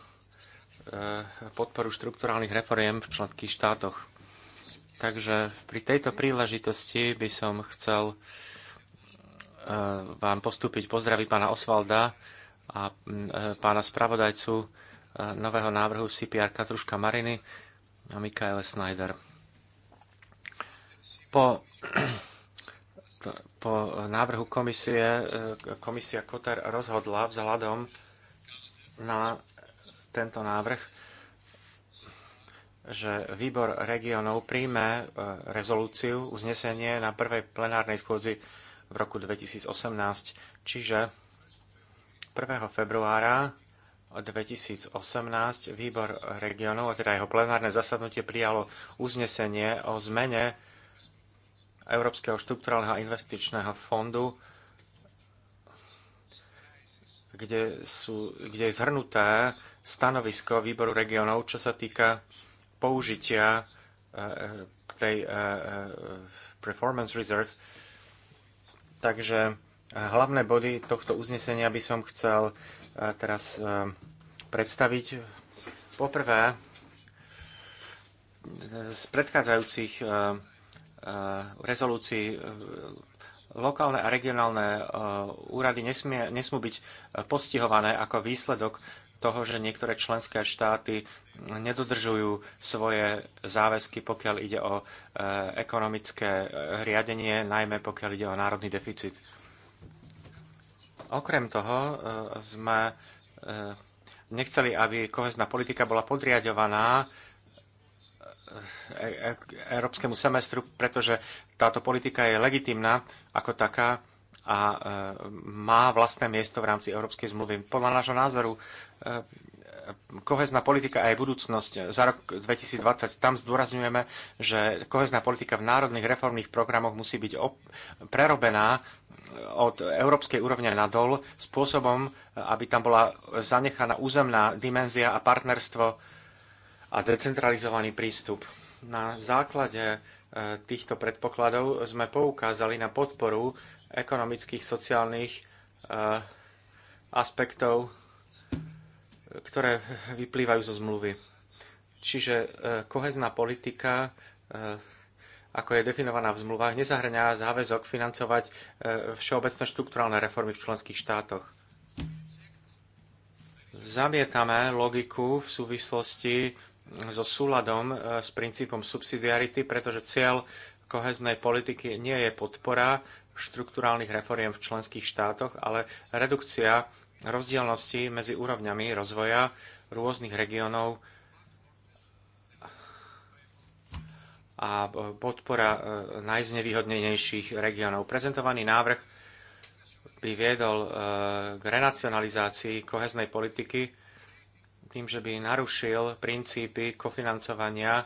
podporu štrukturálnych reforiem v členských štátoch. Takže pri tejto príležitosti by som chcel e, vám postúpiť pozdraví pána Osvalda a pána spravodajcu nového návrhu CPR Katruška Mariny a Mikaele Snyder. Po, po návrhu komisie, e, komisia Koter rozhodla vzhľadom na tento návrh, že výbor regionov príjme e, rezolúciu, uznesenie na prvej plenárnej schôdzi v roku 2018, čiže 1. februára 2018 výbor regionov, a teda jeho plenárne zasadnutie prijalo uznesenie o zmene Európskeho štrukturálneho investičného fondu, kde, sú, kde je zhrnuté stanovisko výboru regionov, čo sa týka použitia e, e, tej e, performance reserve. Takže hlavné body tohto uznesenia by som chcel teraz predstaviť. Poprvé, z predchádzajúcich Eh, rezolúcii eh, lokálne a regionálne eh, úrady nesmie, nesmú byť postihované ako výsledok toho, že niektoré členské štáty nedodržujú svoje záväzky, pokiaľ ide o ekonomické riadenie, najmä pokiaľ ide o národný deficit. Okrem toho sme nechceli, aby kohezná politika bola podriadovaná E, e, európskemu semestru, pretože táto politika je legitimná ako taká a e, má vlastné miesto v rámci Európskej zmluvy. Podľa nášho názoru kohezná politika aj budúcnosť za rok 2020, tam zdôrazňujeme, že kohezná politika v národných reformných programoch musí byť prerobená od európskej úrovne nadol spôsobom, aby tam bola zanechaná územná dimenzia a partnerstvo a decentralizovaný prístup. Na základe e, týchto predpokladov sme poukázali na podporu ekonomických, sociálnych e, aspektov, ktoré vyplývajú zo zmluvy. Čiže e, kohezná politika, ako je definovaná v zmluvách, nezahrňá záväzok financovať všeobecné štruktúralné reformy v členských štátoch. Zamietame logiku v súvislosti so súladom e, s princípom subsidiarity, pretože cieľ koheznej politiky nie je podpora štruktúrálnych reforiem v členských štátoch, ale redukcia rozdielnosti medzi úrovňami rozvoja rôznych regiónov a podpora e, najznevýhodnenejších regiónov. Prezentovaný návrh by viedol e, k renacionalizácii koheznej politiky tým, že by narušil princípy kofinancovania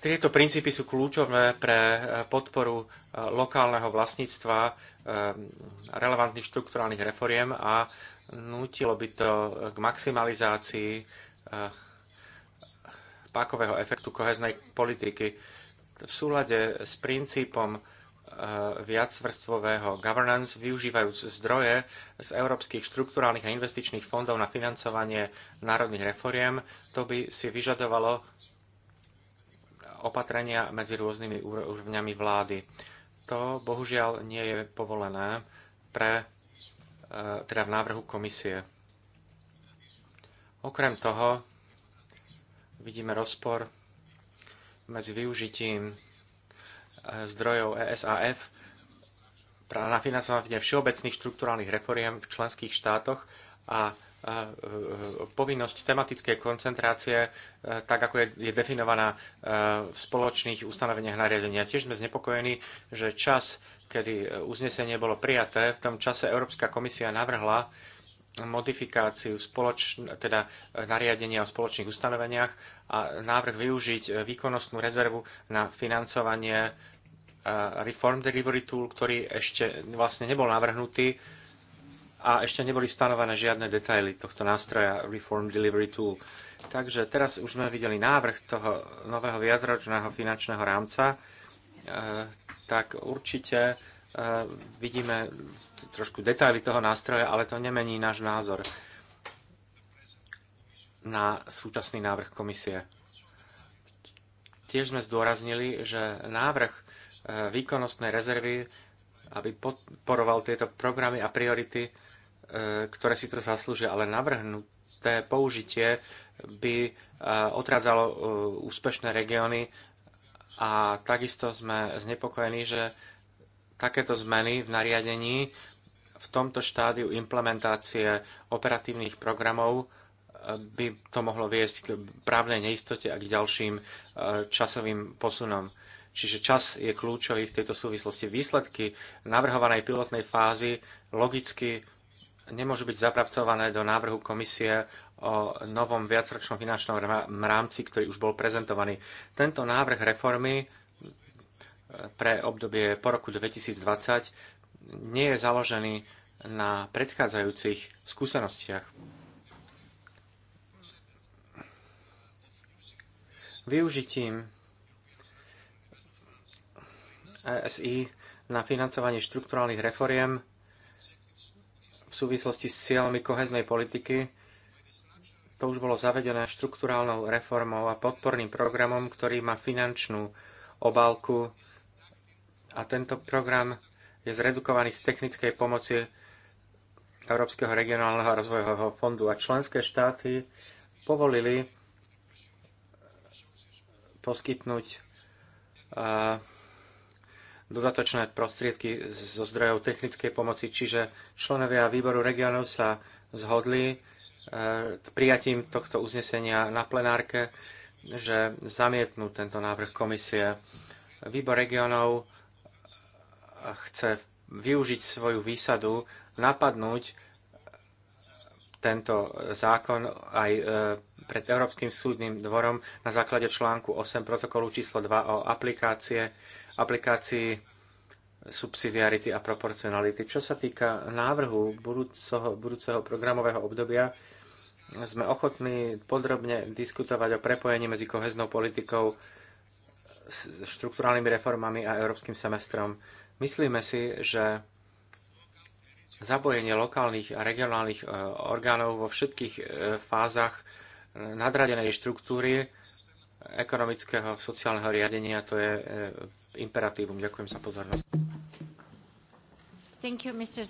Tieto princípy sú kľúčové pre eh, podporu eh, lokálneho vlastníctva eh, relevantných štruktúrálnych reforiem a nutilo by to k maximalizácii pákového efektu koheznej politiky. V súlade s princípom Eh, viacvrstvového governance, využívajúc zdroje z európskych štrukturálnych a investičných fondov na financovanie národných reforiem. To by si vyžadovalo opatrenia medzi rôznymi úrovňami vlády. To bohužiaľ nie je povolené pre, eh, teda v návrhu komisie. Okrem toho vidíme rozpor medzi využitím Eh, zdrojov ESAF na financovanie všeobecných štruktúrálnych reforiem v členských štátoch a eh, eh, povinnosť tematickej koncentrácie, tak ako je, definovaná v spoločných ustanoveniach nariadenia. Tiež sme znepokojení, že čas, kedy uznesenie bolo prijaté, v tom čase Európska komisia navrhla modifikáciu teda nariadenia o spoločných ustanoveniach a návrh využiť výkonnostnú rezervu na financovanie Reform Delivery Tool, ktorý ešte vlastne nebol navrhnutý a ešte neboli stanovené žiadne detaily tohto nástroja Reform Delivery Tool. Takže teraz už sme videli návrh toho nového viacročného finančného rámca, e, tak určite e, vidíme trošku detaily toho nástroja, ale to nemení náš názor na súčasný návrh komisie. Tiež sme zdôraznili, že návrh Eh, výkonnostné rezervy, aby podporoval tieto programy a priority, eh, ktoré si to zaslúžia, ale navrhnuté použitie by eh, odradzalo úspešné regióny a takisto sme znepokojení, že takéto zmeny v nariadení v tomto štádiu implementácie operatívnych programov by to mohlo viesť k právnej neistote a k ďalším časovým posunom. Čiže čas je kľúčový v tejto súvislosti. Výsledky navrhovanej pilotnej fázy logicky nemôžu byť zapracované do návrhu komisie o novom viacročnom finančnom rámci, ktorý už bol prezentovaný. Tento návrh reformy e, pre obdobie po roku 2020 nie je založený na predchádzajúcich skúsenostiach. Využitím ESI na financovanie štrukturálnych reforiem v súvislosti s cieľmi koheznej politiky. To už bolo zavedené štrukturálnou reformou a podporným programom, ktorý má finančnú obálku a tento program je zredukovaný z technickej pomoci Európskeho regionálneho rozvojového fondu a členské štáty povolili poskytnúť dodatočné prostriedky zo zdrojov technickej pomoci, čiže členovia výboru regionov sa zhodli e, prijatím tohto uznesenia na plenárke, že zamietnú tento návrh komisie. Výbor regionov chce využiť svoju výsadu, napadnúť tento zákon aj e, pred Európskym súdnym dvorom na základe článku 8 protokolu číslo 2 o aplikácie, aplikácii subsidiarity a proporcionality. Čo sa týka návrhu budúceho, budúceho programového obdobia, sme ochotní podrobne diskutovať o prepojení medzi koheznou politikou, štruktúrálnymi reformami a európskym semestrom. Myslíme si, že zapojenie lokálnych a regionálnych e, orgánov vo všetkých e, fázach nadradenej štruktúry ekonomického sociálneho riadenia. To je e, imperatívum. Ďakujem za pozornosť. Thank you, Mr.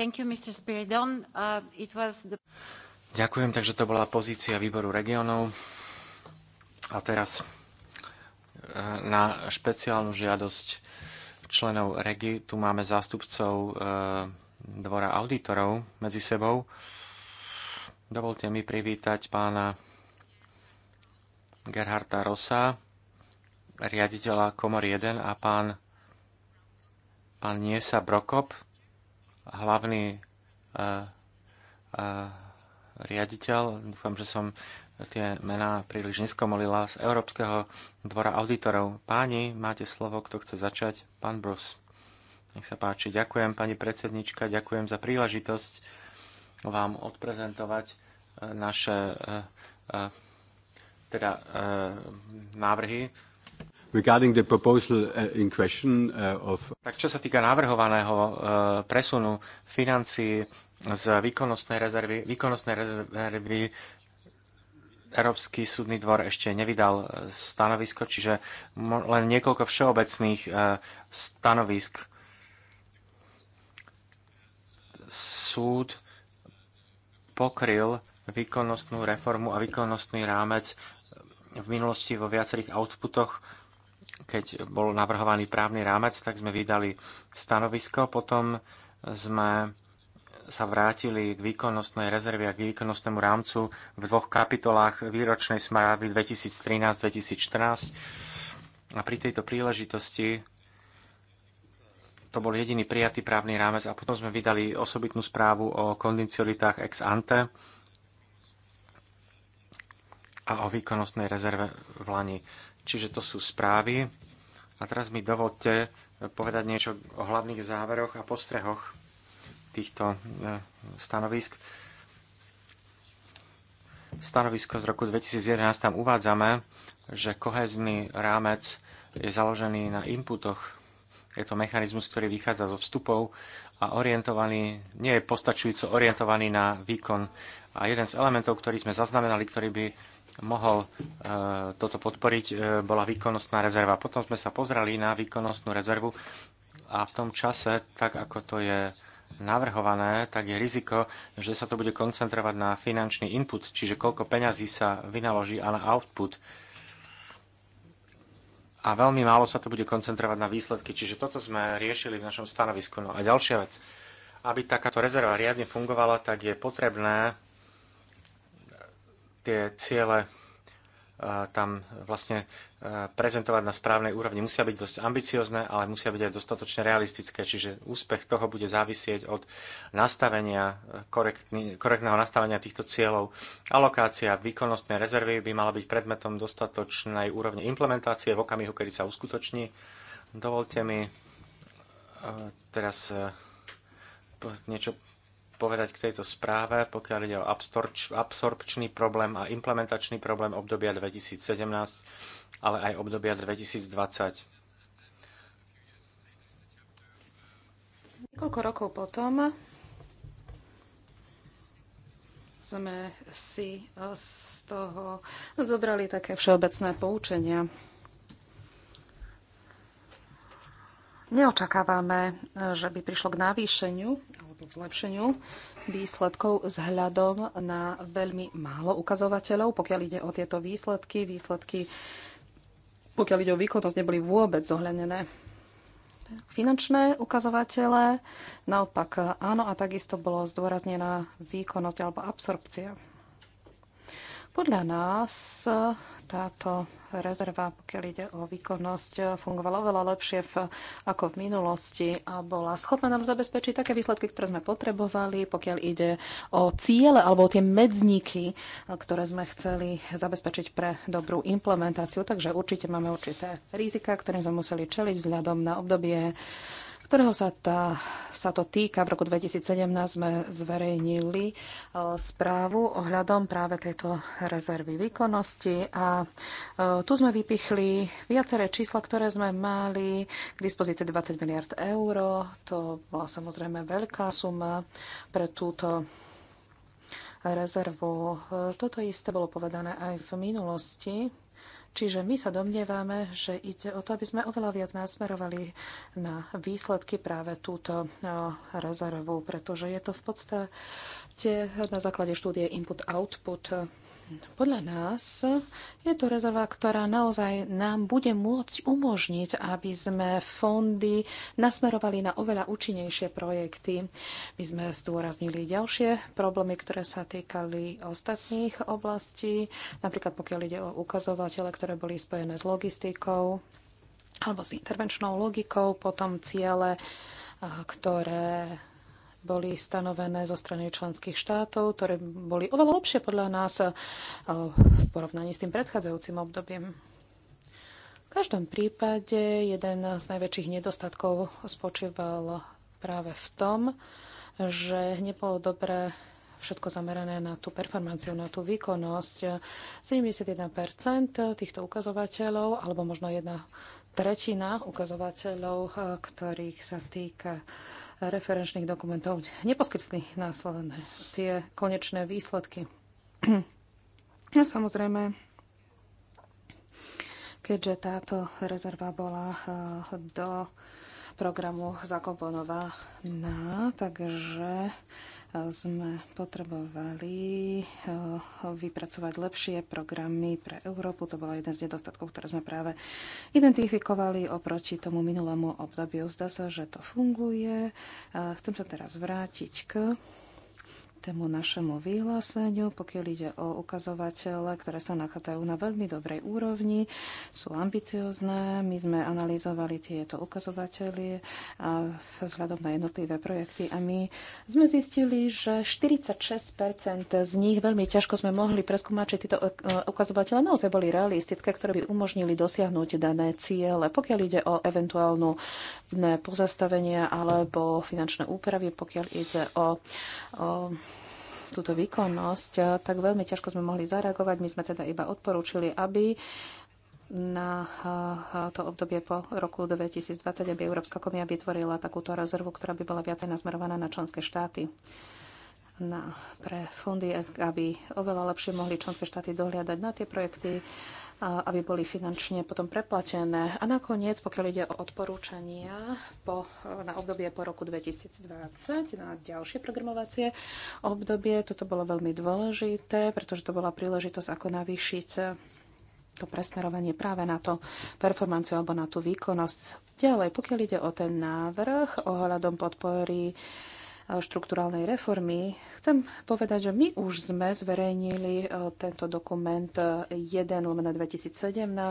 Thank you, Mr. Spiridon. Uh, it was the... Ďakujem, takže to bola pozícia výboru regionov. A teraz e, na špeciálnu žiadosť členov REGI tu máme zástupcov e, Dvora auditorov medzi sebou. Dovolte mi privítať pána Gerharta Rosa, riaditeľa Komor 1 a pán, pán Niesa Brokop, hlavný uh, uh, riaditeľ, dúfam, že som tie mená príliš neskomolila, z Európskeho dvora auditorov. Páni, máte slovo, kto chce začať? Pán Bruce. Nech sa páči. Ďakujem, pani predsednička, ďakujem za príležitosť vám odprezentovať e, naše e, e, teda návrhy. Regarding the proposal uh, in question uh, of... Tak čo sa týka navrhovaného presunu financí z výkonnostnej rezervy, výkonnostnej rezervy Európsky súdny dvor ešte nevydal stanovisko, čiže len niekoľko všeobecných stanovisk. Súd pokryl výkonnostnú reformu a výkonnostný rámec v minulosti vo viacerých outputoch, keď bol navrhovaný právny rámec, tak sme vydali stanovisko, potom sme sa vrátili k výkonnostnej rezervi a k výkonnostnému rámcu v dvoch kapitolách výročnej smravy 2013-2014. A pri tejto príležitosti to bol jediný prijatý právny rámec a potom sme vydali osobitnú správu o kondicionalitách ex ante a o výkonnostnej rezerve v Lani. Čiže to sú správy. A teraz mi dovolte povedať niečo o hlavných záveroch a postrehoch týchto e, stanovisk. Stanovisko z roku 2011 tam uvádzame, že kohezný rámec je založený na inputoch je to mechanizmus, ktorý vychádza zo vstupov a orientovaný, nie je postačujúco orientovaný na výkon. A jeden z elementov, ktorý sme zaznamenali, ktorý by mohol e, toto podporiť, e, bola výkonnostná rezerva. Potom sme sa pozreli na výkonnostnú rezervu a v tom čase, tak ako to je navrhované, tak je riziko, že sa to bude koncentrovať na finančný input, čiže koľko peňazí sa vynaloží a na output a veľmi málo sa to bude koncentrovať na výsledky. Čiže toto sme riešili v našom stanovisku. No a ďalšia vec. Aby takáto rezerva riadne fungovala, tak je potrebné tie ciele tam vlastne e, prezentovať na správnej úrovni. Musia byť dosť ambiciozne, ale musia byť aj dostatočne realistické, čiže úspech toho bude závisieť od nastavenia, e, korektného nastavenia týchto cieľov. Alokácia výkonnostnej rezervy by mala byť predmetom dostatočnej úrovne implementácie v okamihu, kedy sa uskutoční. Dovolte mi e, teraz niečo povedať k tejto správe, pokiaľ ide o absorpčný problém a implementačný problém obdobia 2017, ale aj obdobia 2020. Niekoľko rokov potom sme si e, z toho zobrali také všeobecné poučenia. Neočakávame, e, že by prišlo k navýšeniu k zlepšeniu výsledkov s hľadom na veľmi málo ukazovateľov. Pokiaľ ide o tieto výsledky, výsledky, pokiaľ ide o výkonnosť, neboli vôbec zohľadnené. Finančné ukazovatele, naopak áno, a takisto bolo zdôraznená výkonnosť alebo absorpcia podľa nás e, táto rezerva, pokiaľ ide o výkonnosť, e, fungovala oveľa lepšie v, ako v minulosti a bola schopná nám zabezpečiť také výsledky, ktoré sme potrebovali, pokiaľ ide o ciele alebo o tie medzníky, e, ktoré sme chceli zabezpečiť pre dobrú implementáciu. Takže určite máme určité rizika, ktorým sme museli čeliť vzhľadom na obdobie ktorého sa, tá, sa to týka. V roku 2017 sme zverejnili e, správu ohľadom práve tejto rezervy výkonnosti a e, tu sme vypichli viaceré čísla, ktoré sme mali k dispozícii 20 miliard eur. To bola samozrejme veľká suma pre túto rezervu. E, toto isté bolo povedané aj v minulosti Čiže my sa domnievame, že ide o to, aby sme oveľa viac nasmerovali na výsledky práve túto rezervu, pretože je to v podstate na základe štúdie input-output podľa nás je to rezerva, ktorá naozaj nám bude môcť umožniť, aby sme fondy nasmerovali na oveľa účinnejšie projekty. My sme zdôraznili ďalšie problémy, ktoré sa týkali ostatných oblastí, napríklad pokiaľ ide o ukazovatele, ktoré boli spojené s logistikou alebo s intervenčnou logikou, potom ciele ktoré boli stanovené zo strany členských štátov, ktoré boli oveľa lepšie podľa nás eh, v porovnaní s tým predchádzajúcim obdobím. V každom prípade jeden z najväčších nedostatkov spočíval práve v tom, že nebolo dobré všetko zamerané na tú performanciu, na tú výkonnosť. 71% týchto ukazovateľov, alebo možno jedna tretina ukazovateľov, eh, ktorých sa týka referenčných dokumentov neposkytli následné tie konečné výsledky. A samozrejme, keďže táto rezerva bola eh, do programu zakomponovaná, takže sme potrebovali eh, vypracovať lepšie programy pre Európu. To bolo jeden z nedostatkov, ktoré sme práve identifikovali oproti tomu minulému obdobiu. Zdá sa, že to funguje. Eh, chcem sa teraz vrátiť k Tému našemu vyhláseniu, pokiaľ ide o ukazovatele, ktoré sa nachádzajú na veľmi dobrej úrovni, sú ambiciozné. My sme analyzovali tieto ukazovatele a vzhľadom na jednotlivé projekty a my sme zistili, že 46% z nich veľmi ťažko sme mohli preskúmať, či tieto e, ukazovatele naozaj boli realistické, ktoré by umožnili dosiahnuť dané ciele, pokiaľ ide o eventuálnu pozastavenie alebo finančné úpravy, pokiaľ ide o, o túto výkonnosť, eh, tak veľmi ťažko sme mohli zareagovať. My sme teda iba odporúčili, aby na eh, to obdobie po roku 2020, aby Európska komia vytvorila takúto rezervu, ktorá by bola viacej nasmerovaná na členské štáty na, pre fondy, aby oveľa lepšie mohli členské štáty dohliadať na tie projekty, aby boli finančne potom preplatené. A nakoniec, pokiaľ ide o odporúčania po, na obdobie po roku 2020, na ďalšie programovacie obdobie, toto bolo veľmi dôležité, pretože to bola príležitosť, ako navýšiť to presmerovanie práve na to performanciu alebo na tú výkonnosť. Ďalej, pokiaľ ide o ten návrh ohľadom podpory štruktúrálnej reformy, chcem povedať, že my už sme zverejnili e, tento dokument 1 e, lomeno 2017.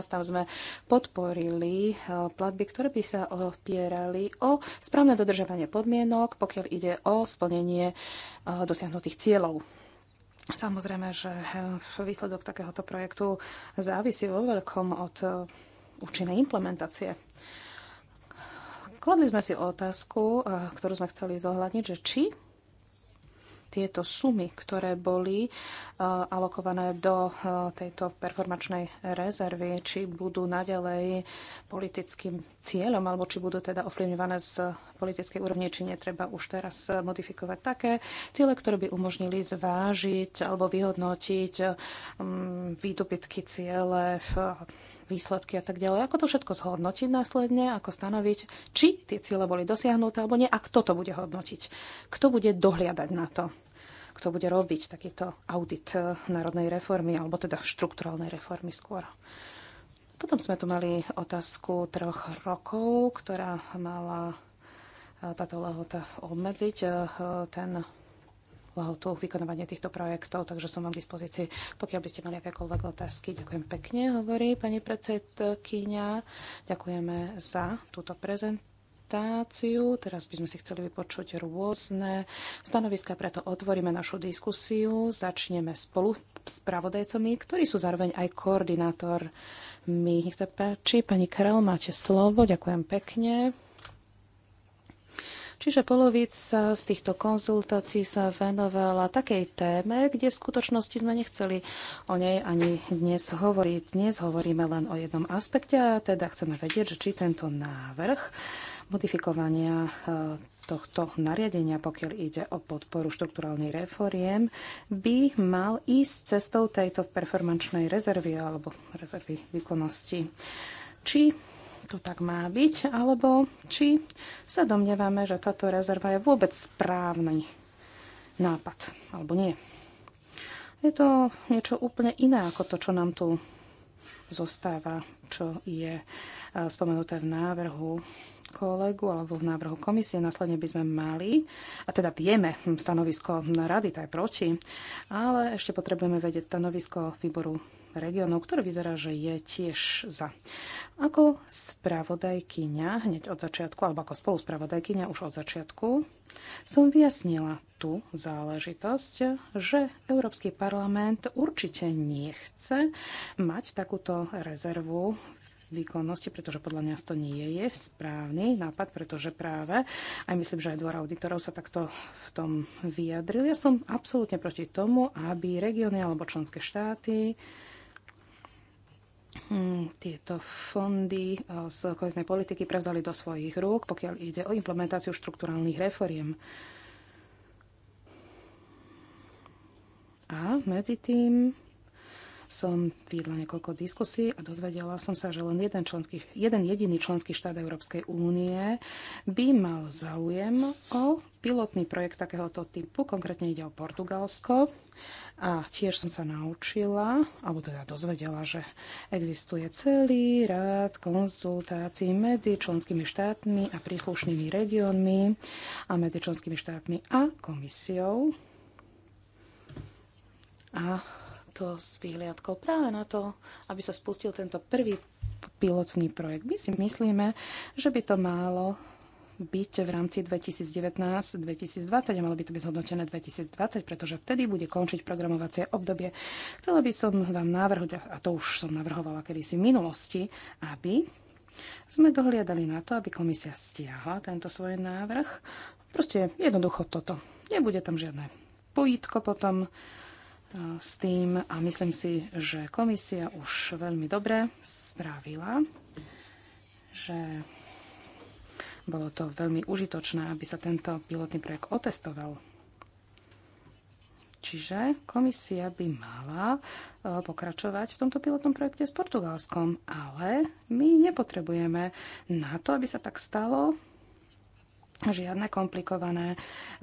Tam sme podporili e, platby, ktoré by sa opierali o správne dodržovanie podmienok, pokiaľ ide o splnenie dosiahnutých cieľov. Samozrejme, že výsledok takéhoto projektu závisí vo veľkom od účinnej implementácie. Kladli sme si otázku, eh, ktorú sme chceli zohľadniť, že či tieto sumy, ktoré boli uh, alokované do uh, tejto performačnej rezervy, či budú naďalej politickým cieľom, alebo či budú teda ovplyvňované z politickej úrovne, či netreba už teraz modifikovať také ciele, ktoré by umožnili zvážiť alebo vyhodnotiť um, výdobytky ciele v uh, výsledky a tak ďalej. Ako to všetko zhodnotiť následne, ako stanoviť, či tie ciele boli dosiahnuté alebo nie a kto to bude hodnotiť. Kto bude dohliadať na to, kto bude robiť takýto audit eh, národnej reformy alebo teda štrukturálnej reformy skôr. Potom sme tu mali otázku troch rokov, ktorá mala eh, táto lehota obmedziť eh, ten lehotu vykonovania týchto projektov, takže som vám k dispozícii, pokiaľ by ste mali akékoľvek otázky. Ďakujem pekne, hovorí pani predsedkynia. Ďakujeme za túto prezentáciu. Teraz by sme si chceli vypočuť rôzne stanoviska, preto otvoríme našu diskusiu. Začneme spolu s pravodajcami, ktorí sú zároveň aj koordinátor. My, nech sa páči, pani Karel, máte slovo. Ďakujem pekne. Čiže polovica z týchto konzultácií sa venovala takej téme, kde v skutočnosti sme nechceli o nej ani dnes hovoriť. Dnes hovoríme len o jednom aspekte a teda chceme vedieť, že či tento návrh modifikovania e, tohto nariadenia, pokiaľ ide o podporu štruktúralnej reforiem, by mal ísť cestou tejto performančnej rezervy alebo rezervy výkonnosti. Či to tak má byť, alebo či sa domnievame, že táto rezerva je vôbec správny nápad, alebo nie. Je to niečo úplne iné ako to, čo nám tu zostáva, čo je e, spomenuté v návrhu kolegu alebo v návrhu komisie. Následne by sme mali, a teda vieme stanovisko rady, tak je proti, ale ešte potrebujeme vedieť stanovisko výboru regiónov, ktorý vyzerá, že je tiež za. Ako spravodajkyňa hneď od začiatku, alebo ako spoluspravodajkyňa už od začiatku, som vyjasnila tú záležitosť, že Európsky parlament určite nechce mať takúto rezervu výkonnosti, pretože podľa mňa to nie je správny nápad, pretože práve aj myslím, že aj dvor auditorov sa takto v tom vyjadril. Ja som absolútne proti tomu, aby regióny alebo členské štáty Hm, tieto fondy eh, z koheznej politiky prevzali do svojich rúk, pokiaľ ide o implementáciu štruktúrálnych reforiem. A medzi tým som viedla niekoľko diskusí a dozvedela som sa, že len jeden, členský, jeden jediný členský štát Európskej únie by mal záujem o pilotný projekt takéhoto typu, konkrétne ide o Portugalsko. A tiež som sa naučila, alebo teda dozvedela, že existuje celý rád konzultácií medzi členskými štátmi a príslušnými regiónmi a medzi členskými štátmi a komisiou. A to s výhliadkou práve na to, aby sa spustil tento prvý pilotný projekt. My si myslíme, že by to malo byť v rámci 2019-2020 a malo by to byť zhodnotené 2020, pretože vtedy bude končiť programovacie obdobie. Chcela by som vám navrhnúť, a to už som navrhovala kedysi v minulosti, aby sme dohliadali na to, aby komisia stiahla tento svoj návrh. Proste jednoducho toto. Nebude tam žiadne pojitko potom s tým a myslím si, že komisia už veľmi dobre spravila, že bolo to veľmi užitočné, aby sa tento pilotný projekt otestoval. Čiže komisia by mala e, pokračovať v tomto pilotnom projekte s Portugalskom, ale my nepotrebujeme na to, aby sa tak stalo, žiadne komplikované e,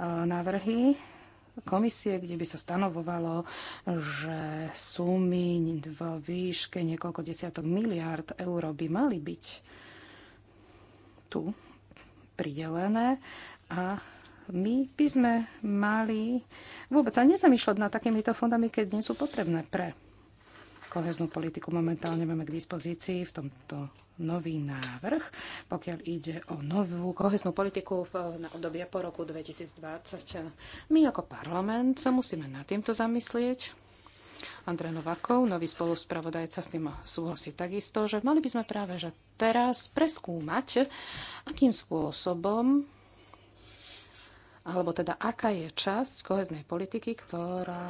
návrhy komisie, kde by sa stanovovalo, že sumy v výške niekoľko desiatok miliárd eur by mali byť tu pridelené a my by sme mali vôbec sa nezamýšľať nad takýmito fondami, keď nie sú potrebné pre koheznú politiku momentálne máme k dispozícii v tomto nový návrh, pokiaľ ide o novú koheznú politiku na obdobie po roku 2020. My ako parlament sa musíme nad týmto zamyslieť. Andrej Novakov, nový spoluspravodajca, s tým súhlasí takisto, že mali by sme práve že teraz preskúmať, akým spôsobom alebo teda aká je časť koheznej politiky, ktorá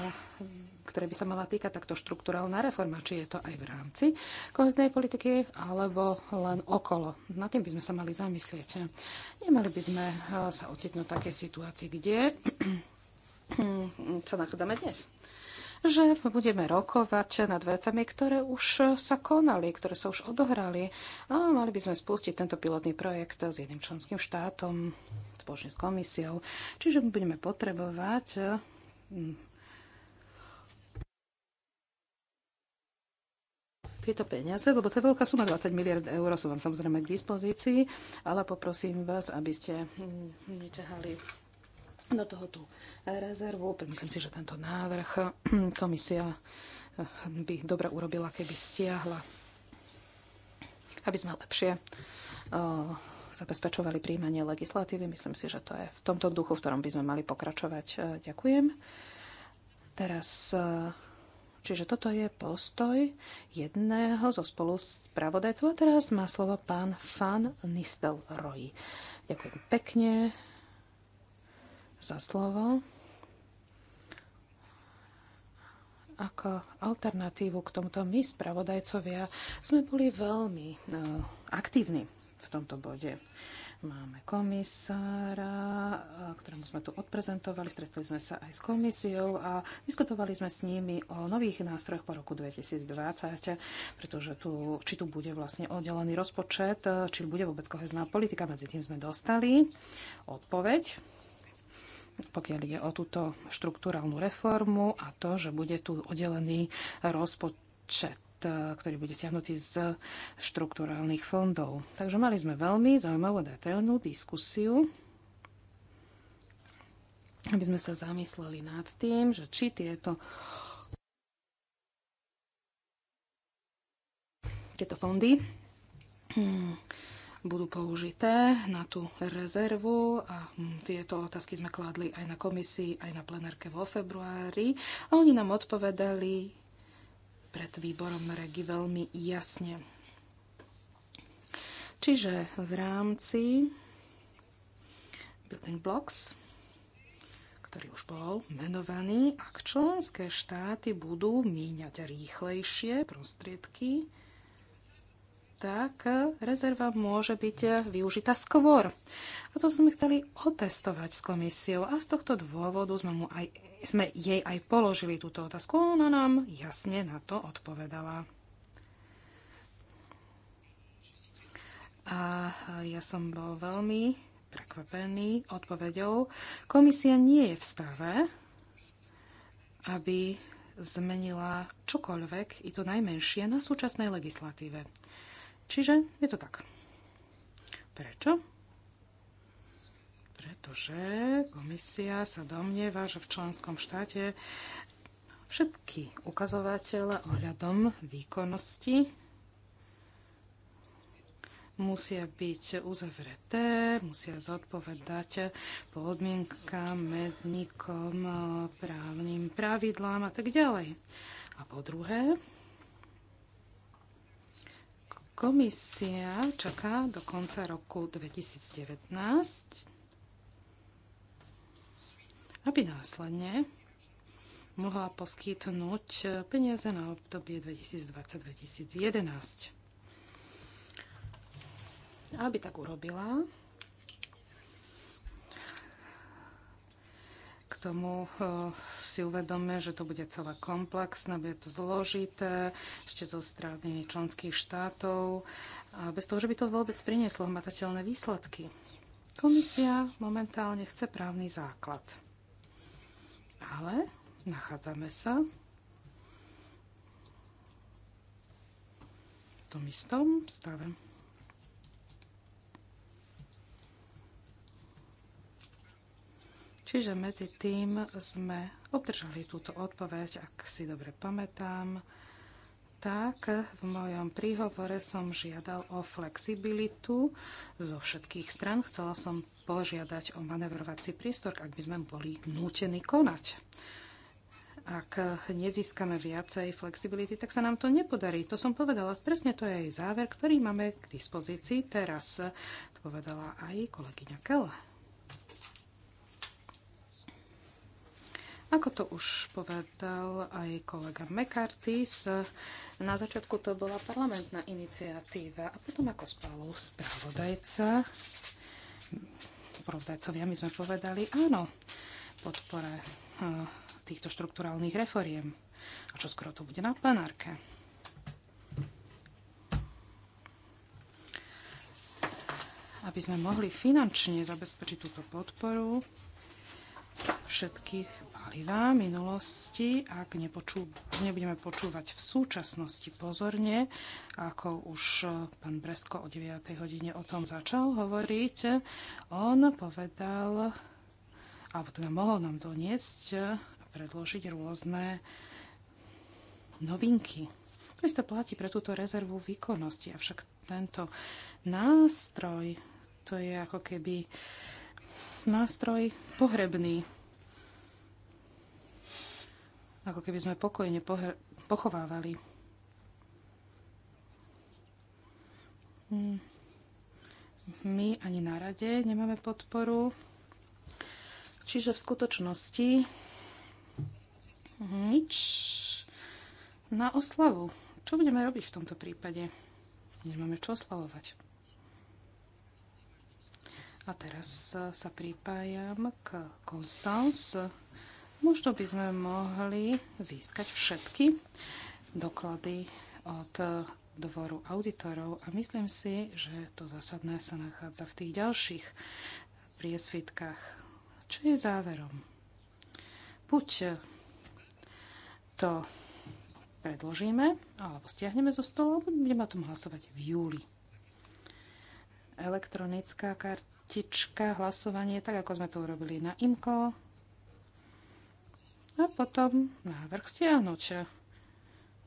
ktoré by sa mala týkať takto štruktúralná reforma, či je to aj v rámci koheznej politiky, alebo len okolo. Na tým by sme sa mali zamyslieť. Nemali by sme eh, sa ocitnúť v takej situácii, kde sa nachádzame dnes že budeme rokovať nad vecami, ktoré už sa konali, ktoré sa už odohrali. A mali by sme spustiť tento pilotný projekt s jedným členským štátom, spoločne s komisiou. Čiže my budeme potrebovať eh, tieto peniaze, lebo to je veľká suma, 20 miliard eur sú vám samozrejme k dispozícii, ale poprosím vás, aby ste hm, neťahali do toho tú rezervu. Myslím si, že tento návrh hm, komisia hm, by dobre urobila, keby stiahla, aby sme lepšie zabezpečovali príjmanie legislatívy. Myslím si, že to je v tomto duchu, v ktorom by sme mali pokračovať. Ďakujem. Teraz Čiže toto je postoj jedného zo spolu spravodajcov. A teraz má slovo pán Fan Nistelrooy. Ďakujem pekne za slovo. ako alternatívu k tomuto my, spravodajcovia, sme boli veľmi no, aktívni v tomto bode. Máme komisára, ktorému sme tu odprezentovali, stretli sme sa aj s komisiou a diskutovali sme s nimi o nových nástrojoch po roku 2020, pretože tu, či tu bude vlastne oddelený rozpočet, či bude vôbec kohezná politika. Medzi tým sme dostali odpoveď pokiaľ ide o túto štruktúralnú reformu a to, že bude tu oddelený rozpočet E, ktorý bude siahnutý z štruktúrálnych fondov. Takže mali sme veľmi zaujímavú a detailnú diskusiu, aby sme sa zamysleli nad tým, že či tieto tieto fondy hm, budú použité na tú rezervu a hm, tieto otázky sme kládli aj na komisii, aj na plenárke vo februári a oni nám odpovedali, pred výborom Regi veľmi jasne. Čiže v rámci Building Blocks, ktorý už bol menovaný, ak členské štáty budú míňať rýchlejšie prostriedky, tak rezerva môže byť využitá skôr. Toto sme chceli otestovať s komisiou a z tohto dôvodu sme, mu aj, sme jej aj položili túto otázku. Ona nám jasne na to odpovedala. A ja som bol veľmi prekvapený odpovedou. Komisia nie je v stave, aby zmenila čokoľvek, i to najmenšie, na súčasnej legislatíve. Čiže je to tak. Prečo? pretože komisia sa domnieva, že v členskom štáte všetky ukazovatele ohľadom výkonnosti musia byť uzavreté, musia zodpovedať podmienkam, medníkom, právnym pravidlám a tak ďalej. A po druhé, komisia čaká do konca roku 2019 aby následne mohla poskytnúť peniaze na obdobie 2020-2011. Aby tak urobila, k tomu eh, si uvedome, že to bude celé komplexné, bude to zložité, ešte zo strany členských štátov, a bez toho, že by to vôbec prinieslo hmatateľné výsledky. Komisia momentálne chce právny základ ale nachádzame sa v tom istom stave. Čiže medzi tým sme obdržali túto odpoveď, ak si dobre pamätám tak v mojom príhovore som žiadal o flexibilitu zo všetkých stran. Chcela som požiadať o manevrovací prístor, ak by sme boli nútení konať. Ak nezískame viacej flexibility, tak sa nám to nepodarí. To som povedala. Presne to je aj záver, ktorý máme k dispozícii teraz. To povedala aj kolegyňa Kela. Ako to už povedal aj kolega McCarthy, na začiatku to bola parlamentná iniciatíva a potom ako spolu spravodajca, spravodajcovia my sme povedali áno, podpore eh, týchto štruktúrálnych reforiem. A čo skoro to bude na plenárke. Aby sme mohli finančne zabezpečiť túto podporu, všetky paliva minulosti, ak nepoču, nebudeme počúvať v súčasnosti pozorne, ako už e, pán Bresko o 9. hodine o tom začal hovoriť, on povedal, alebo teda mohol nám doniesť e, a predložiť rôzne novinky. To isté platí pre túto rezervu výkonnosti, avšak tento nástroj, to je ako keby nástroj pohrebný, ako keby sme pokojne pochovávali. Hmm. My ani na rade nemáme podporu. Čiže v skutočnosti nič na oslavu. Čo budeme robiť v tomto prípade? Nemáme čo oslavovať. A teraz sa pripájam k Constance. Možno by sme mohli získať všetky doklady od dvoru auditorov a myslím si, že to zásadné sa nachádza v tých ďalších priesvitkách. Čo je záverom? Buď to predložíme, alebo stiahneme zo stolu, alebo budeme o tom hlasovať v júli. Elektronická kartička, hlasovanie, tak ako sme to urobili na IMCO, a potom návrh stiahnuť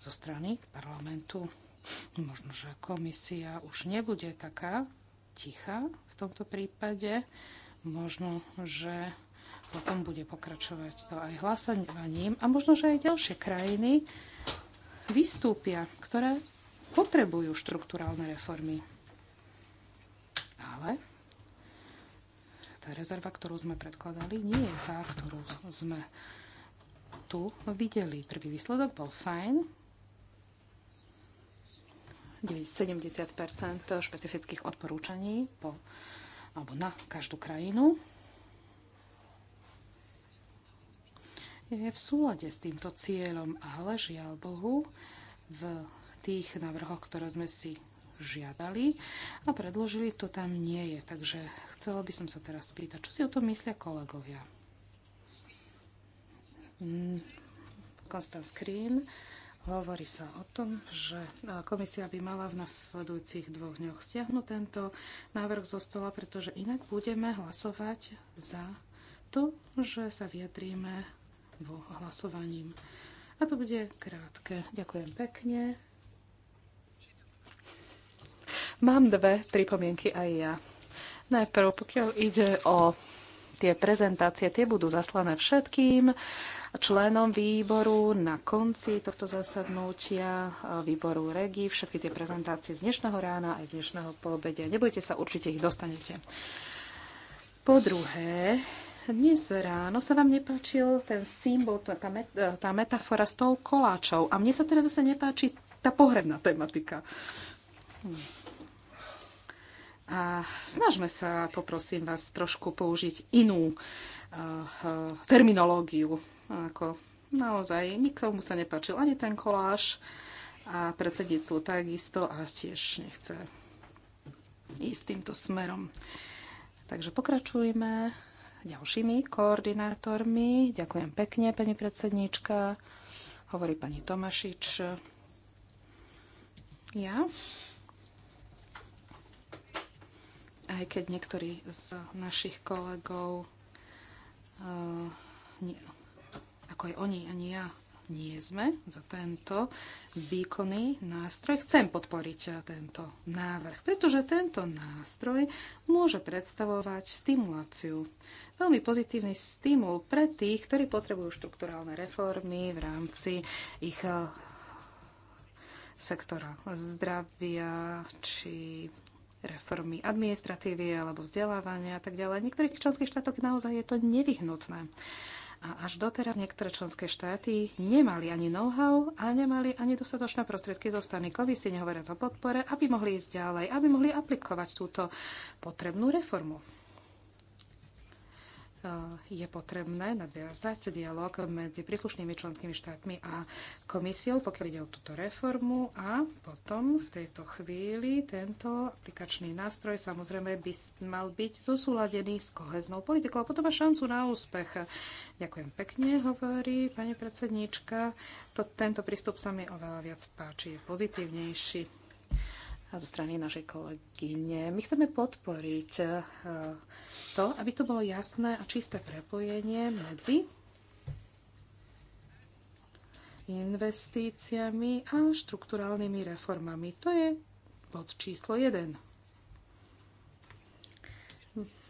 zo strany parlamentu. Možno, že komisia už nebude taká tichá v tomto prípade. Možno, že potom bude pokračovať to aj hlasovaním a možno, že aj ďalšie krajiny vystúpia, ktoré potrebujú štruktúrálne reformy. Ale tá rezerva, ktorú sme predkladali, nie je tá, ktorú sme tu videli. Prvý výsledok bol fajn. 70 špecifických odporúčaní po, alebo na každú krajinu je v súlade s týmto cieľom, ale žiaľ Bohu, v tých návrhoch, ktoré sme si žiadali a predložili, to tam nie je. Takže chcela by som sa teraz spýtať, čo si o tom myslia kolegovia. Constant Screen. Hovorí sa o tom, že e, komisia by mala v nasledujúcich dvoch dňoch stiahnuť tento návrh zo stola, pretože inak budeme hlasovať za to, že sa vyjadríme vo hlasovaním. A to bude krátke. Ďakujem pekne. Mám dve pripomienky aj ja. Najprv, pokiaľ ide o tie prezentácie, tie budú zaslané všetkým členom výboru na konci tohto zasadnutia výboru REGI. Všetky tie prezentácie z dnešného rána aj z dnešného poobede. Nebojte sa, určite ich dostanete. Po druhé, dnes ráno sa vám nepáčil ten symbol, tá, met, tá metafora s tou koláčou. A mne sa teraz zase nepáči tá pohrebná tematika. Hm. A snažme sa, poprosím vás, trošku použiť inú uh, terminológiu. Ako naozaj nikomu sa nepáčil ani ten koláž a predsedníctvo takisto a tiež nechce ísť týmto smerom. Takže pokračujme ďalšími koordinátormi. Ďakujem pekne, pani predsedníčka. Hovorí pani Tomašič. Ja aj keď niektorí z našich kolegov, uh, nie, ako aj oni, ani ja, nie sme za tento výkonný nástroj. Chcem podporiť eh, tento návrh, pretože tento nástroj môže predstavovať stimuláciu. Veľmi pozitívny stimul pre tých, ktorí potrebujú štrukturálne reformy v rámci ich eh, sektora zdravia či reformy administratívy alebo vzdelávania a tak ďalej. V niektorých členských štátoch naozaj je to nevyhnutné. A až doteraz niektoré členské štáty nemali ani know-how a nemali ani dostatočné prostriedky zo strany komisie, nehovoriac o podpore, aby mohli ísť ďalej, aby mohli aplikovať túto potrebnú reformu je potrebné nadviazať dialog medzi príslušnými členskými štátmi a komisiou, pokiaľ ide o túto reformu a potom v tejto chvíli tento aplikačný nástroj samozrejme by mal byť zosúladený s koheznou politikou a potom má šancu na úspech. Ďakujem pekne, hovorí pani predsedníčka. To, tento prístup sa mi oveľa viac páči, je pozitívnejší a zo strany našej kolegyne. My chceme podporiť eh, to, aby to bolo jasné a čisté prepojenie medzi investíciami a štrukturálnymi reformami. To je bod číslo 1.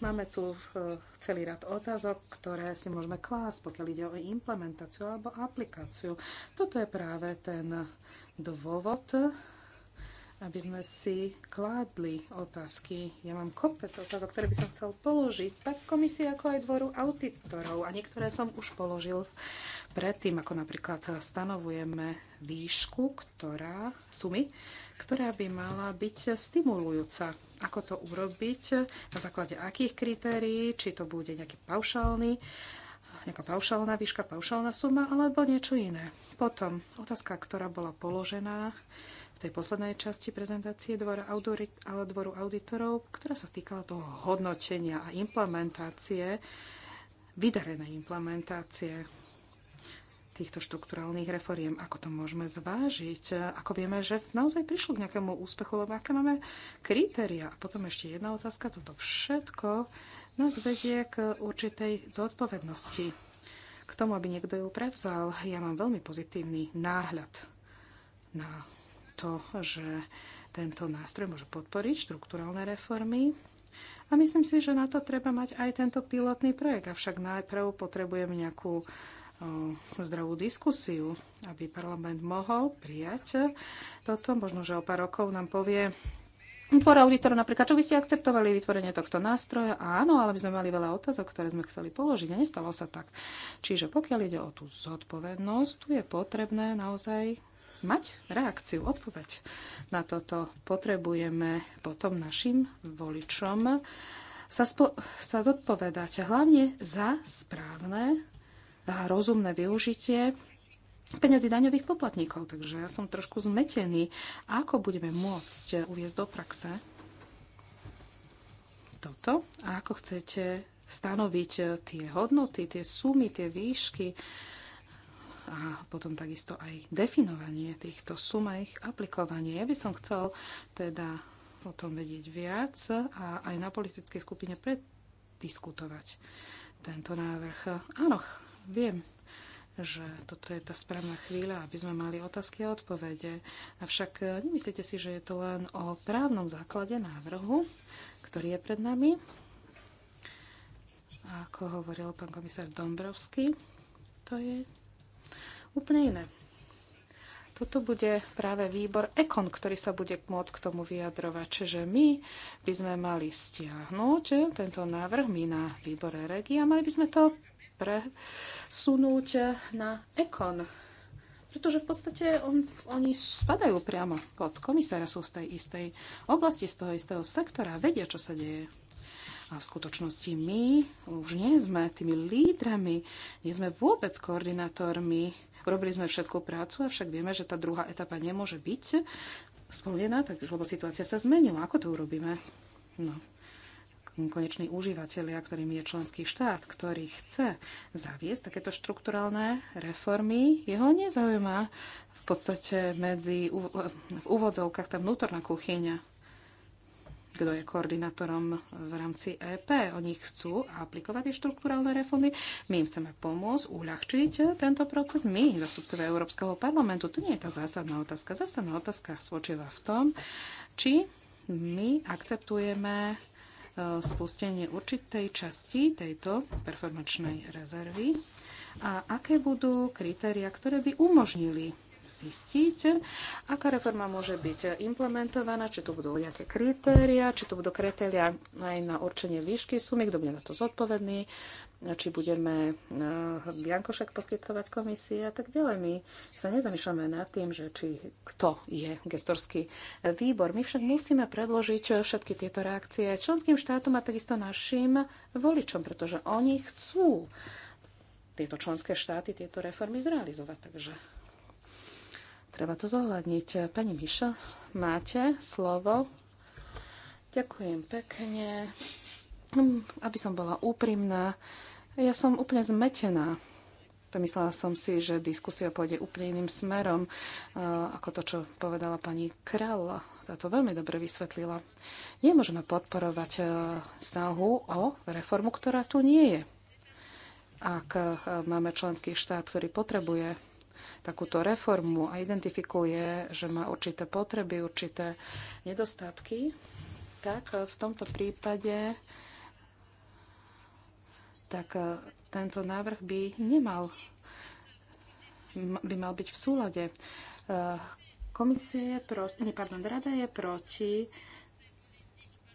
Máme tu eh, celý rad otázok, ktoré si môžeme klásť, pokiaľ ide o implementáciu alebo aplikáciu. Toto je práve ten dôvod, aby sme si kládli otázky. Ja mám kopec otázok, ktoré by som chcel položiť, tak komisii ako aj dvoru auditorov. A niektoré som už položil predtým, ako napríklad stanovujeme výšku, ktorá, sumy, ktorá by mala byť stimulujúca. Ako to urobiť, na základe akých kritérií, či to bude nejaký paušálny nejaká paušálna výška, paušálna suma alebo niečo iné. Potom otázka, ktorá bola položená, tej poslednej časti prezentácie dvora, audori, ale dvoru auditorov, ktorá sa týkala toho hodnotenia a implementácie, vydarenej implementácie týchto štrukturálnych reforiem, ako to môžeme zvážiť, ako vieme, že naozaj prišlo k nejakému úspechu, lebo aké máme kritéria. A potom ešte jedna otázka, toto všetko nás vedie k určitej zodpovednosti, k tomu, aby niekto ju prevzal. Ja mám veľmi pozitívny náhľad na to, že tento nástroj môže podporiť štrukturálne reformy. A myslím si, že na to treba mať aj tento pilotný projekt. Avšak najprv potrebujem nejakú zdravú diskusiu, aby parlament mohol prijať toto. Možno, že o pár rokov nám povie dvor auditorov napríklad, čo by ste akceptovali vytvorenie tohto nástroja. Áno, ale by sme mali veľa otázok, ktoré sme chceli položiť a nestalo sa tak. Čiže pokiaľ ide o tú zodpovednosť, tu je potrebné naozaj mať reakciu, odpoveď na toto. Potrebujeme potom našim voličom sa, spo- sa zodpovedať hlavne za správne a rozumné využitie peniazy daňových poplatníkov. Takže ja som trošku zmetený. Ako budeme môcť uviezť do praxe toto a ako chcete stanoviť tie hodnoty, tie sumy, tie výšky, a potom takisto aj definovanie týchto sum a ich aplikovanie. Ja by som chcel teda o tom vedieť viac a aj na politickej skupine prediskutovať tento návrh. Áno, viem, že toto je tá správna chvíľa, aby sme mali otázky a odpovede. Avšak nemyslíte si, že je to len o právnom základe návrhu, ktorý je pred nami? Ako hovoril pán komisár Dombrovský, to je úplne iné. Toto bude práve výbor ekon, ktorý sa bude môcť k tomu vyjadrovať. Čiže my by sme mali stiahnuť tento návrh, my na výbore regi a mali by sme to presunúť na ekon. Pretože v podstate on, oni spadajú priamo pod komisára, sú z tej istej oblasti, z toho istého sektora, vedia, čo sa deje. A v skutočnosti my už nie sme tými lídrami, nie sme vôbec koordinátormi. Robili sme všetkú prácu, avšak vieme, že tá druhá etapa nemôže byť splnená, tak, lebo situácia sa zmenila. Ako to urobíme? No, koneční užívateľia, ktorým je členský štát, ktorý chce zaviesť takéto štrukturálne reformy, jeho nezaujíma v podstate medzi v úvodzovkách tá vnútorná kuchyňa kto je koordinátorom v rámci EP. Oni chcú aplikovať tie štruktúralné reformy. My im chceme pomôcť, uľahčiť tento proces. My, zastupcovia Európskeho parlamentu, to nie je tá zásadná otázka. Zásadná otázka spočíva v tom, či my akceptujeme e, spustenie určitej časti tejto performačnej rezervy a aké budú kritéria, ktoré by umožnili zistiť, aká reforma môže byť implementovaná, či tu budú nejaké kritéria, či tu budú kritéria aj na určenie výšky sumy, kto bude na to zodpovedný, či budeme eh, Biankošek poskytovať komisie a tak ďalej. My sa nezamýšľame nad tým, že či kto je gestorský výbor. My však musíme predložiť všetky tieto reakcie členským štátom a takisto našim voličom, pretože oni chcú tieto členské štáty tieto reformy zrealizovať. Takže Treba to zohľadniť. Pani Miša, máte slovo. Ďakujem pekne. Aby som bola úprimná, ja som úplne zmetená. Pomyslela som si, že diskusia pôjde úplne iným smerom, ako to, čo povedala pani Tá Táto veľmi dobre vysvetlila. Nemôžeme podporovať e, snahu o reformu, ktorá tu nie je. Ak e, máme členský štát, ktorý potrebuje takúto reformu a identifikuje, že má určité potreby, určité nedostatky, tak eh, v tomto prípade tak eh, tento návrh by nemal by mal byť v súlade. Eh, komisie je proti, ne, pardon, rada je proti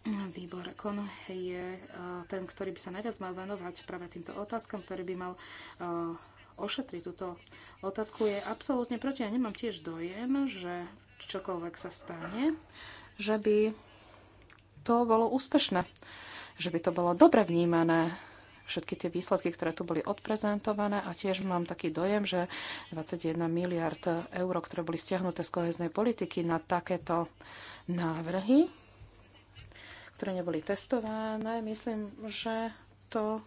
Výbor Kon je ten, ktorý by sa najviac mal venovať práve týmto otázkam, ktorý by mal ošetri túto otázku, je absolútne proti. Ja nemám tiež dojem, že čokoľvek sa stane, že by to bolo úspešné, že by to bolo dobre vnímané, všetky tie výsledky, ktoré tu boli odprezentované a tiež mám taký dojem, že 21 miliard eur, ktoré boli stiahnuté z koheznej politiky na takéto návrhy, ktoré neboli testované, myslím, že to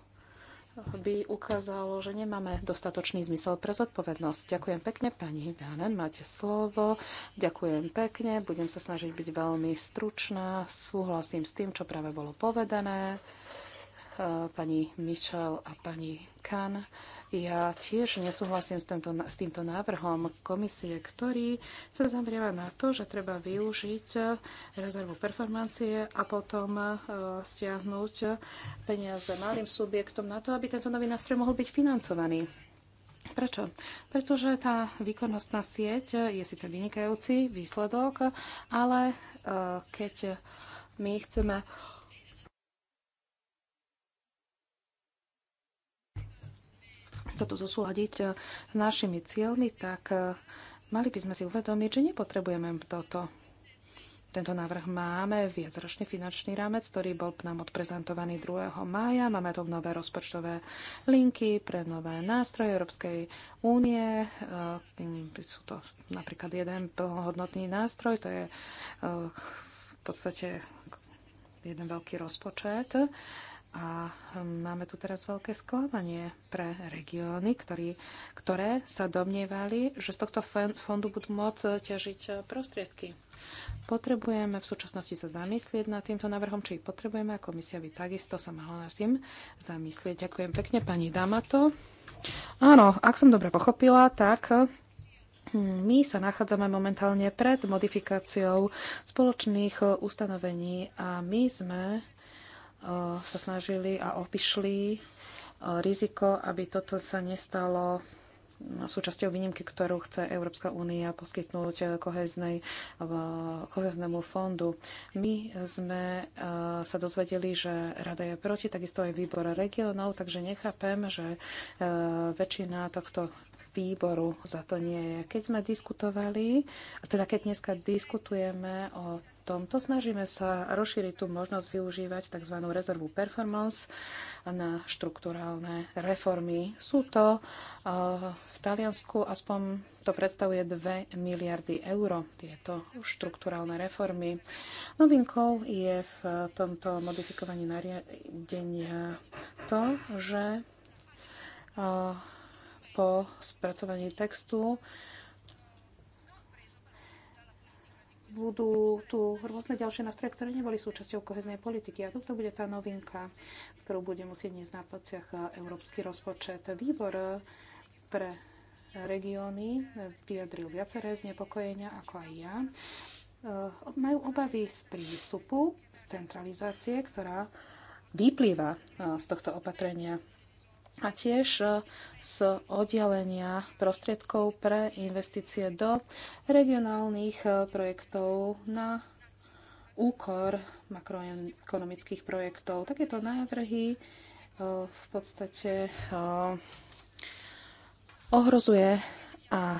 by ukázalo, že nemáme dostatočný zmysel pre zodpovednosť. Ďakujem pekne, pani Bánen, máte slovo. Ďakujem pekne, budem sa snažiť byť veľmi stručná. Súhlasím s tým, čo práve bolo povedané. Eh, pani Mitchell a pani Kan ja tiež nesúhlasím s týmto, s týmto návrhom komisie, ktorý sa zamrieva na to, že treba využiť eh, rezervu performancie a potom eh, stiahnuť eh, peniaze malým subjektom na to, aby tento nový nástroj mohol byť financovaný. Prečo? Pretože tá výkonnostná sieť je síce vynikajúci výsledok, ale keď my chceme toto zosúľadiť e, s našimi cieľmi, tak e, mali by sme si uvedomiť, že nepotrebujeme toto. Tento návrh máme, viacročný finančný rámec, ktorý bol nám odprezentovaný 2. mája. Máme tu nové rozpočtové linky pre nové nástroje Európskej únie. E, sú to napríklad jeden plnohodnotný nástroj, to je v podstate jeden veľký rozpočet. A máme tu teraz veľké sklamanie pre regióny, ktorý, ktoré sa domnievali, že z tohto fondu budú môcť ťažiť prostriedky. Potrebujeme v súčasnosti sa zamyslieť nad týmto návrhom, či ich potrebujeme a komisia by takisto sa mala nad tým zamyslieť. Ďakujem pekne pani Damato. Áno, ak som dobre pochopila, tak hm, my sa nachádzame momentálne pred modifikáciou spoločných eh, ustanovení a my sme Eh, sa snažili a opišli eh, riziko, aby toto sa nestalo no, súčasťou výnimky, ktorú chce Európska únia poskytnúť eh, koheznej, koheznému fondu. My sme sa dozvedeli, že rada je proti, takisto aj výbor regionov, takže nechápem, že väčšina tohto výboru za to nie je. Keď sme diskutovali, teda keď dneska diskutujeme o tomto. Snažíme sa rozšíriť tú možnosť využívať tzv. rezervu performance na štruktúrálne reformy. Sú to eh, v Taliansku aspoň to predstavuje 2 miliardy eur, tieto štruktúrálne reformy. Novinkou je v tomto modifikovaní nariadenia to, že eh, po spracovaní textu budú tu rôzne ďalšie nástroje, ktoré neboli súčasťou koheznej politiky. A toto bude tá novinka, ktorú bude musieť dnes na pleciach európsky rozpočet. Výbor pre regióny vyjadril viaceré znepokojenia, ako aj ja. E, majú obavy z prístupu, z centralizácie, ktorá vyplýva e, z tohto opatrenia a tiež e, z oddelenia prostriedkov pre investície do regionálnych e, projektov na úkor makroekonomických projektov. Takéto návrhy e, v podstate ohrozuje a,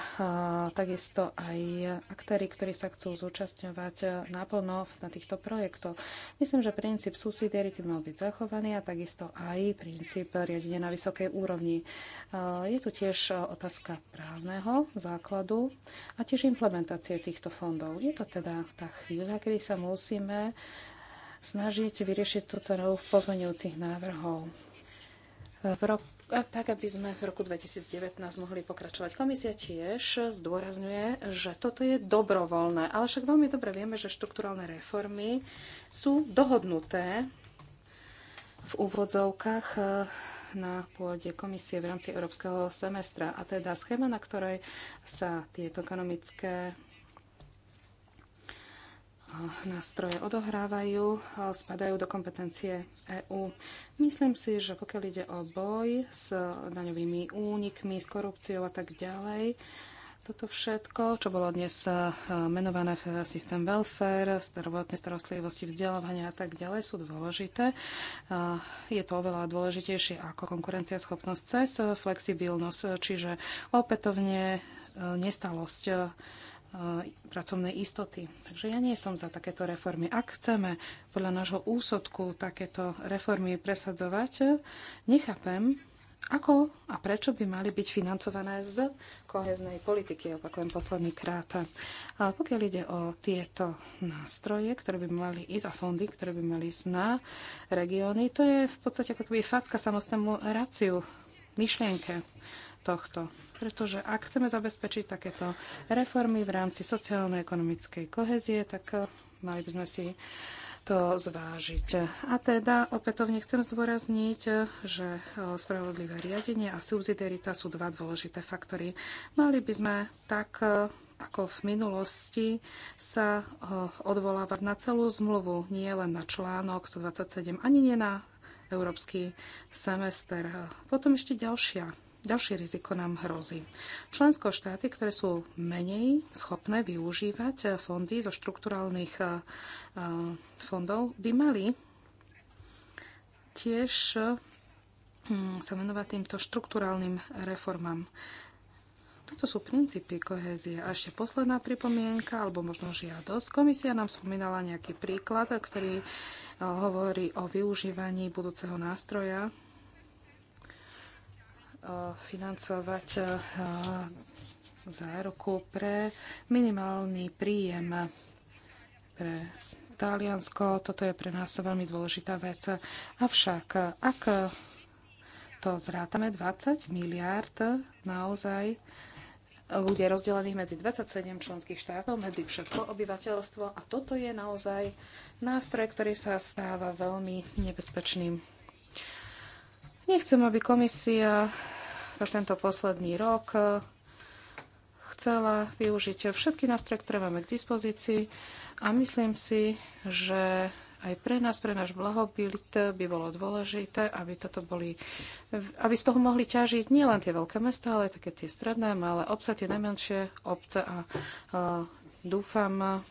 takisto aj aktéry, ktorí sa chcú zúčastňovať naplno na týchto projektoch. Myslím, že princíp subsidiarity mal byť zachovaný a takisto aj princíp riadenia na vysokej úrovni. Je tu tiež otázka právneho základu a tiež implementácie týchto fondov. Je to teda tá chvíľa, kedy sa musíme snažiť vyriešiť tú cenou pozmeňujúcich návrhov. V roku tak aby sme v roku 2019 mohli pokračovať. Komisia tiež zdôrazňuje, že toto je dobrovoľné, ale však veľmi dobre vieme, že štruktúralne reformy sú dohodnuté v úvodzovkách eh, na pôde komisie v rámci európskeho semestra, a teda schéma, na ktorej sa tieto ekonomické nástroje odohrávajú, spadajú do kompetencie EÚ. Myslím si, že pokiaľ ide o boj s daňovými únikmi, s korupciou a tak ďalej, toto všetko, čo bolo dnes e, menované v systém welfare, starovotné starostlivosti, vzdelávania a tak ďalej, sú dôležité. E, je to oveľa dôležitejšie ako konkurencia schopnosť cez e, flexibilnosť, čiže opätovne nestalosť E, pracovnej istoty. Takže ja nie som za takéto reformy. Ak chceme podľa nášho úsodku takéto reformy presadzovať, nechápem, ako a prečo by mali byť financované z koheznej politiky, opakujem posledný krát. A pokiaľ ide o tieto nástroje, ktoré by mali ísť a fondy, ktoré by mali ísť na regióny, to je v podstate ako keby facka samostnému raciu, myšlienke tohto. Pretože ak chceme zabezpečiť takéto reformy v rámci sociálno-ekonomickej kohezie, tak eh, mali by sme si to zvážiť. A teda opätovne chcem zdôrazniť, eh, že eh, spravodlivé riadenie a subsidiarita sú dva dôležité faktory. Mali by sme tak ako v minulosti sa odvolávať na celú zmluvu, nie len na článok 127, ani nie na európsky semester. Potom ešte ďalšia Ďalšie riziko nám hrozí. Členské štáty, ktoré sú menej schopné využívať eh, fondy zo štrukturálnych eh, eh, fondov, by mali tiež hm, sa venovať týmto štrukturálnym reformám. Toto sú princípy kohézie. A ešte posledná pripomienka, alebo možno žiadosť. Komisia nám spomínala nejaký príklad, ktorý hovorí o využívaní budúceho nástroja Eh, financovať eh, záruku pre minimálny príjem pre Taliansko. Toto je pre nás veľmi dôležitá vec. Avšak, ak to zrátame, 20 miliard naozaj bude rozdelených medzi 27 členských štátov, medzi všetko obyvateľstvo a toto je naozaj nástroj, ktorý sa stáva veľmi nebezpečným. Nechcem, aby komisia za tento posledný rok chcela využiť všetky nástroje, ktoré máme k dispozícii a myslím si, že aj pre nás, pre náš blahobyt by bolo dôležité, aby, toto boli, aby z toho mohli ťažiť nielen tie veľké mesta, ale aj také tie stredné, malé obce, tie najmenšie obce a, a dúfam,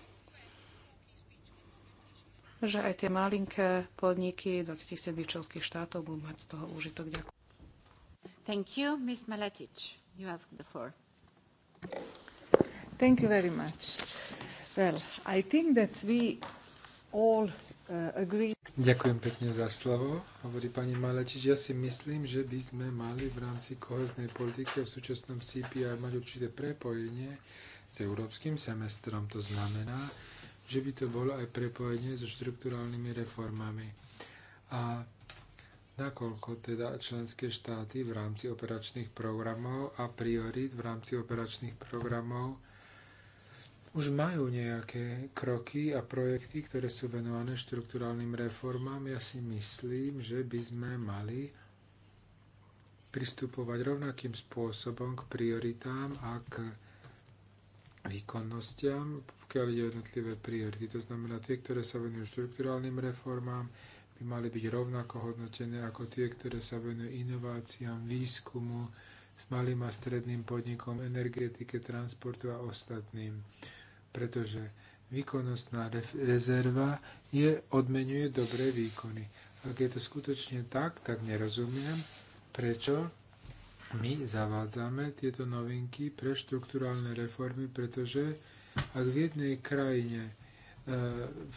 že aj tie malinké podniky 27 členských štátov budú mať z toho úžitok. Ďakujem. Thank you, Ms. Maletic. You ask the floor. Thank you very much. Well, I think that we all uh, agree. Ďakujem pekne za slovo, hovorí pani Malečič. Ja si myslím, že by sme mali v rámci koheznej politiky v súčasnom CPR mať určité prepojenie s európskym semestrom. To znamená, že by to bolo aj prepojenie so štruktúrálnymi reformami. A nakoľko teda členské štáty v rámci operačných programov a priorit v rámci operačných programov už majú nejaké kroky a projekty, ktoré sú venované štruktúrálnym reformám, ja si myslím, že by sme mali pristupovať rovnakým spôsobom k prioritám a k výkonnostiam, pokiaľ ide o jednotlivé priority. To znamená, tie, ktoré sa venujú štruktúrálnym reformám, by mali byť rovnako hodnotené ako tie, ktoré sa venujú inováciám, výskumu, s malým a stredným podnikom, energetike, transportu a ostatným. Pretože výkonnostná rezerva je, odmenuje dobré výkony. Ak je to skutočne tak, tak nerozumiem, prečo my zavádzame tieto novinky pre štruktúrálne reformy, pretože ak v jednej krajine e,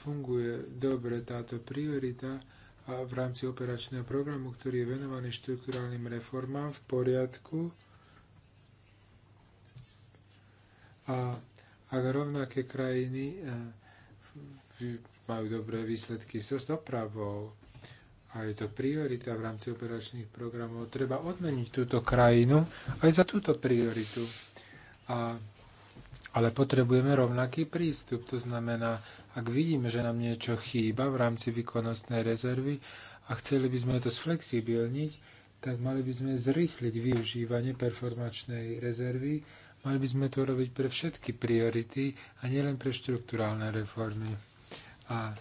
funguje dobre táto priorita a v rámci operačného programu, ktorý je venovaný štruktúrálnym reformám v poriadku, a ak rovnaké krajiny e, majú dobré výsledky so dopravou, a je to priorita v rámci operačných programov. Treba odmeniť túto krajinu aj za túto prioritu. A, ale potrebujeme rovnaký prístup. To znamená, ak vidíme, že nám niečo chýba v rámci výkonnostnej rezervy a chceli by sme to sflexibilniť, tak mali by sme zrýchliť využívanie performačnej rezervy. Mali by sme to robiť pre všetky priority a nielen pre štruktúrálne reformy. A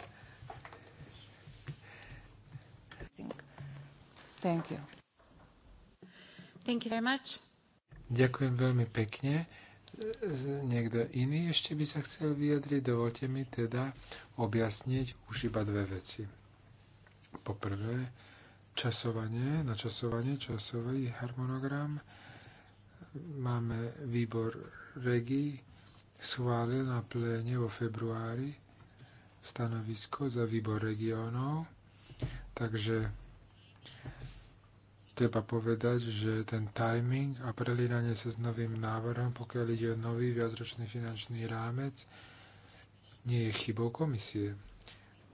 Ďakujem veľmi pekne. Niekto iný ešte by sa chcel vyjadriť? Dovolte mi teda objasniť už iba dve veci. Poprvé, časovanie, načasovanie, časový harmonogram. Máme výbor REGI, schválil na pléne vo februári stanovisko za výbor regionov, takže treba povedať, že ten timing a prelínanie sa s novým návrhom, pokiaľ ide o nový viacročný finančný rámec, nie je chybou komisie.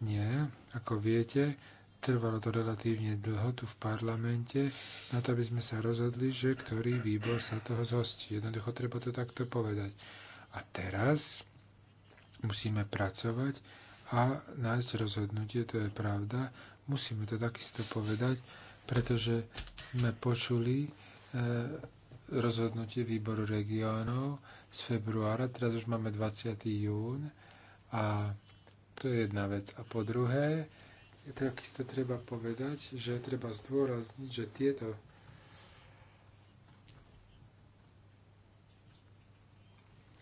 Nie, ako viete, trvalo to relatívne dlho tu v parlamente, na to, aby sme sa rozhodli, že ktorý výbor sa toho zhostí. Jednoducho treba to takto povedať. A teraz musíme pracovať a nájsť rozhodnutie, to je pravda. Musíme to takisto povedať, pretože sme počuli e, rozhodnutie výboru regiónov z februára, teraz už máme 20. jún a to je jedna vec. A po druhé, takisto treba povedať, že treba zdôrazniť, že tieto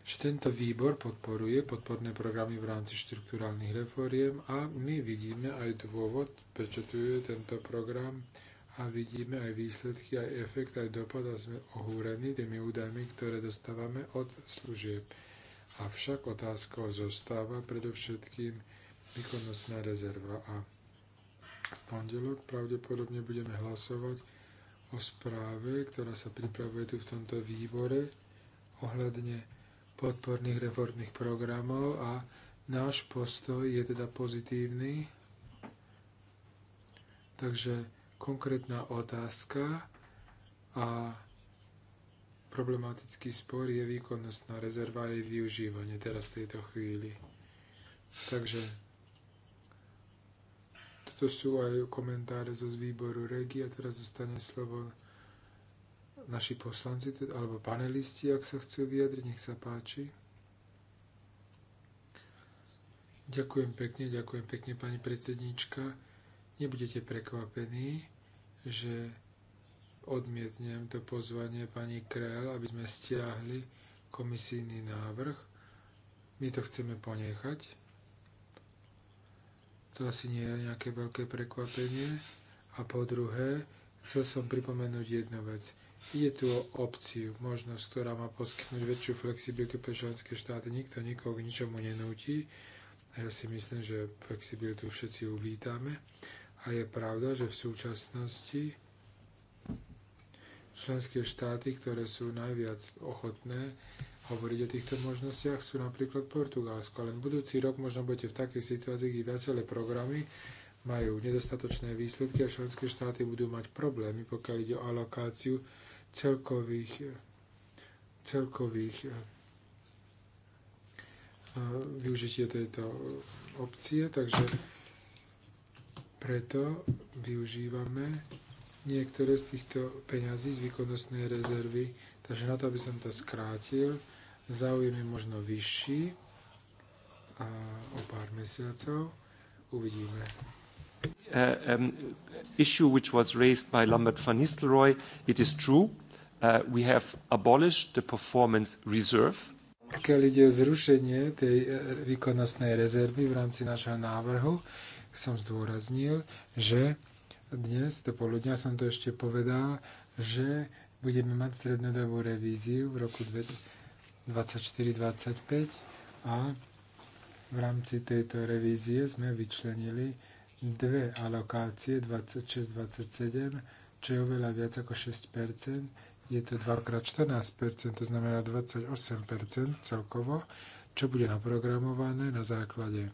že tento výbor podporuje podporné programy v rámci štruktúrálnych reforiem a my vidíme aj dôvod, prečo tu je tento program a vidíme aj výsledky, aj efekt, aj dopad a sme ohúrení tými údajmi, ktoré dostávame od služieb. Avšak otázkou zostáva predovšetkým výkonnostná rezerva a v pondelok pravdepodobne budeme hlasovať o správe, ktorá sa pripravuje tu v tomto výbore ohľadne podporných reformných programov a náš postoj je teda pozitívny. Takže konkrétna otázka a problematický spor je výkonnostná rezerva a jej využívanie teraz v tejto chvíli. Takže toto sú aj komentáre zo výboru Regi a teraz zostane slovo naši poslanci alebo panelisti, ak sa chcú vyjadriť, nech sa páči. Ďakujem pekne, ďakujem pekne, pani predsednička. Nebudete prekvapení, že odmietnem to pozvanie pani Krell, aby sme stiahli komisijný návrh. My to chceme ponechať. To asi nie je nejaké veľké prekvapenie. A po druhé, chcel som pripomenúť jednu vec. Ide tu o opciu, možnosť, ktorá má poskytnúť väčšiu flexibilitu pre členské štáty. Nikto nikoho k ničomu nenúti. A ja si myslím, že flexibilitu všetci uvítame. A je pravda, že v súčasnosti členské štáty, ktoré sú najviac ochotné hovoriť o týchto možnostiach, sú napríklad Portugalsko. Ale v budúci rok možno budete v takej situácii, kde viaceré programy majú nedostatočné výsledky a členské štáty budú mať problémy, pokiaľ ide o alokáciu celkových, celkových eh, eh, využitie tejto opcie, takže preto využívame niektoré z týchto peňazí z výkonnostnej rezervy. Takže na to, aby som to skrátil, záujem je možno vyšší a o pár mesiacov uvidíme. Uh, um, issue which was raised by Lambert van Nistelrooy, it is true, uh, we have abolished the performance reserve. Keď ide o zrušenie tej uh, výkonnostnej rezervy v rámci našeho návrhu, som zdôraznil, že dnes, do poludňa som to ešte povedal, že budeme mať strednodobú revíziu v roku 2024-2025 a v rámci tejto revízie sme vyčlenili dve alokácie 26-27, čo je oveľa viac ako 6%. Je to 2x14%, to znamená 28% celkovo, čo bude naprogramované na základe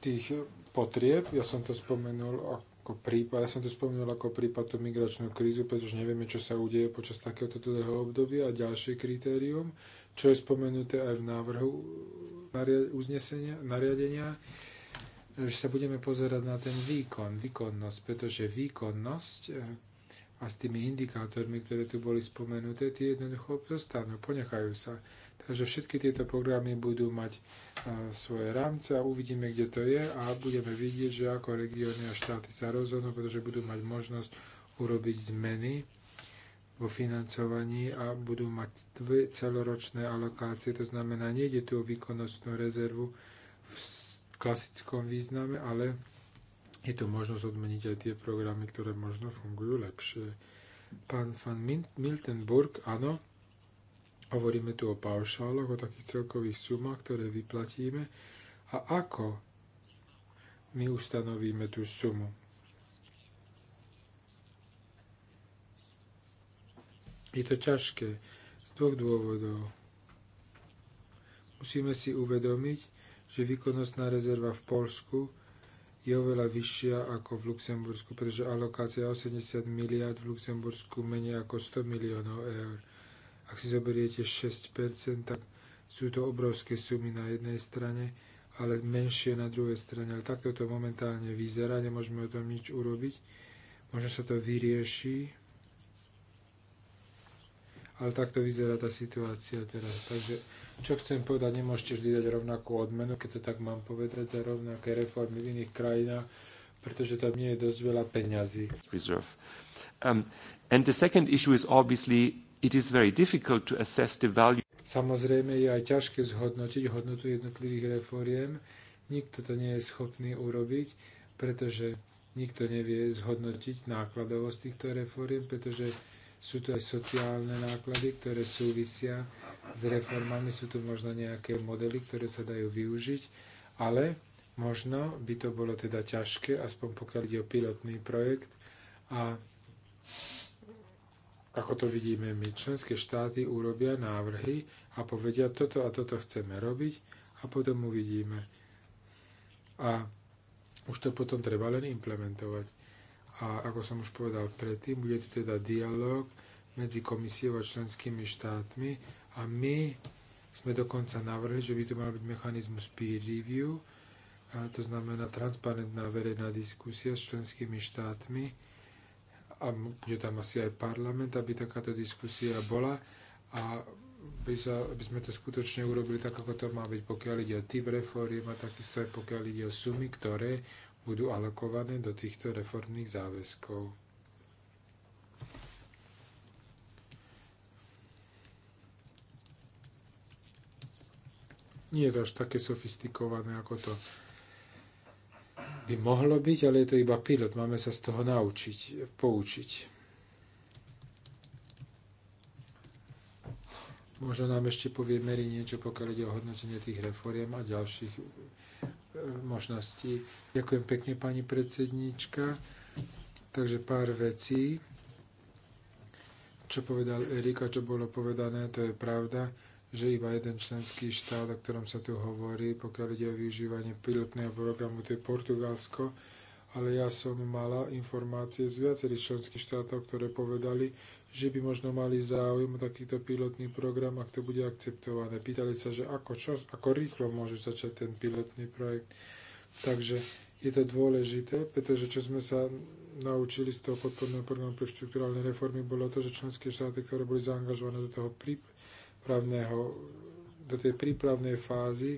tých eh, potrieb, ja som to spomenul ako prípad, ja som to spomenul ako prípad tú migračnú krízu, pretože nevieme, čo sa udeje počas takéhoto dlhého obdobia a ďalšie kritérium, čo je spomenuté aj v návrhu eh, uznesenia, nariadenia, eh, že sa budeme pozerať na ten výkon, výkonnosť, pretože výkonnosť a s tými indikátormi, ktoré tu boli spomenuté, tie jednoducho zostanú, ponechajú sa. Takže všetky tieto programy budú mať e, svoje rámce a uvidíme, kde to je a budeme vidieť, že ako regióny a štáty sa rozhodnú, pretože budú mať možnosť urobiť zmeny vo financovaní a budú mať dve celoročné alokácie. To znamená, nejde tu o výkonnostnú rezervu v klasickom význame, ale je tu možnosť odmeniť aj tie programy, ktoré možno fungujú lepšie. Pán van Miltenburg, áno, Hovoríme tu o paušáloch, o takých celkových sumách, ktoré vyplatíme a ako my ustanovíme tú sumu. Je to ťažké z dvoch dôvodov. Musíme si uvedomiť, že výkonnostná rezerva v Polsku je oveľa vyššia ako v Luxembursku, pretože alokácia 80 miliard v Luxembursku menej ako 100 miliónov eur. Ak si zoberiete 6%, tak sú to obrovské sumy na jednej strane, ale menšie na druhej strane. Ale takto to momentálne vyzerá, nemôžeme o tom nič urobiť. Možno sa to vyrieši, ale takto vyzerá tá situácia teraz. Takže čo chcem povedať, nemôžete vždy dať rovnakú odmenu, keď to tak mám povedať, za rovnaké reformy v iných krajinách, pretože tam nie je dosť veľa peňazí. Um, and the second issue is obviously it is very difficult to assess the value. Samozrejme je aj ťažké zhodnotiť hodnotu jednotlivých reforiem. Nikto to nie je schopný urobiť, pretože nikto nevie zhodnotiť nákladovosť týchto reforiem, pretože sú to aj sociálne náklady, ktoré súvisia s reformami, sú tu možno nejaké modely, ktoré sa dajú využiť, ale možno by to bolo teda ťažké, aspoň pokiaľ ide o pilotný projekt a ako to vidíme my. Členské štáty urobia návrhy a povedia, toto a toto chceme robiť a potom uvidíme. A už to potom treba len implementovať. A ako som už povedal predtým, bude tu teda dialog medzi komisiou a členskými štátmi a my sme dokonca navrhli, že by tu mal byť mechanizmus peer review, a to znamená transparentná verejná diskusia s členskými štátmi, a bude tam asi aj parlament, aby takáto diskusia bola a aby, sa, aby sme to skutočne urobili tak, ako to má byť, pokiaľ ide o typ reforiem a takisto aj pokiaľ ide o sumy, ktoré budú alokované do týchto reformných záväzkov. Nie je to až také sofistikované, ako to by mohlo byť, ale je to iba pilot. Máme sa z toho naučiť, poučiť. Možno nám ešte povie Mary niečo, pokiaľ ide o hodnotenie tých reforiem a ďalších e, možností. Ďakujem pekne, pani predsednička. Takže pár vecí. Čo povedal Erika, čo bolo povedané, to je pravda že iba jeden členský štát, o ktorom sa tu hovorí, pokiaľ ide o využívanie pilotného programu, to je Portugalsko, ale ja som mala informácie z viacerých členských štátov, ktoré povedali, že by možno mali záujem o takýto pilotný program, ak to bude akceptované. Pýtali sa, že ako, čo, ako rýchlo môžu začať ten pilotný projekt. Takže je to dôležité, pretože čo sme sa naučili z toho podporného programu pre štruktúrálne reformy, bolo to, že členské štáty, ktoré boli zaangažované do toho, prípadu, prípravného, do tej prípravnej fázy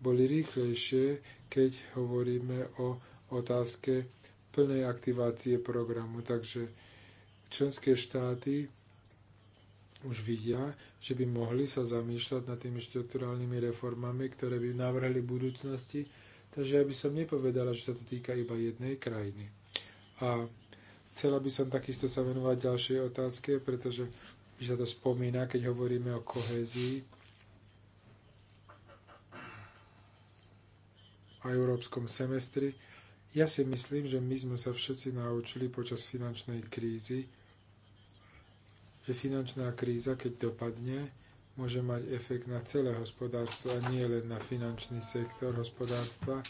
boli rýchlejšie, keď hovoríme o otázke plnej aktivácie programu. Takže členské štáty už vidia, že by mohli sa zamýšľať nad tými štruktúrálnymi reformami, ktoré by navrhli v budúcnosti. Takže ja by som nepovedala, že sa to týka iba jednej krajiny. A chcela by som takisto sa venovať ďalšej otázke, pretože že sa to spomína, keď hovoríme o kohezii a európskom semestri. Ja si myslím, že my sme sa všetci naučili počas finančnej krízy, že finančná kríza, keď dopadne, môže mať efekt na celé hospodárstvo a nie len na finančný sektor hospodárstva.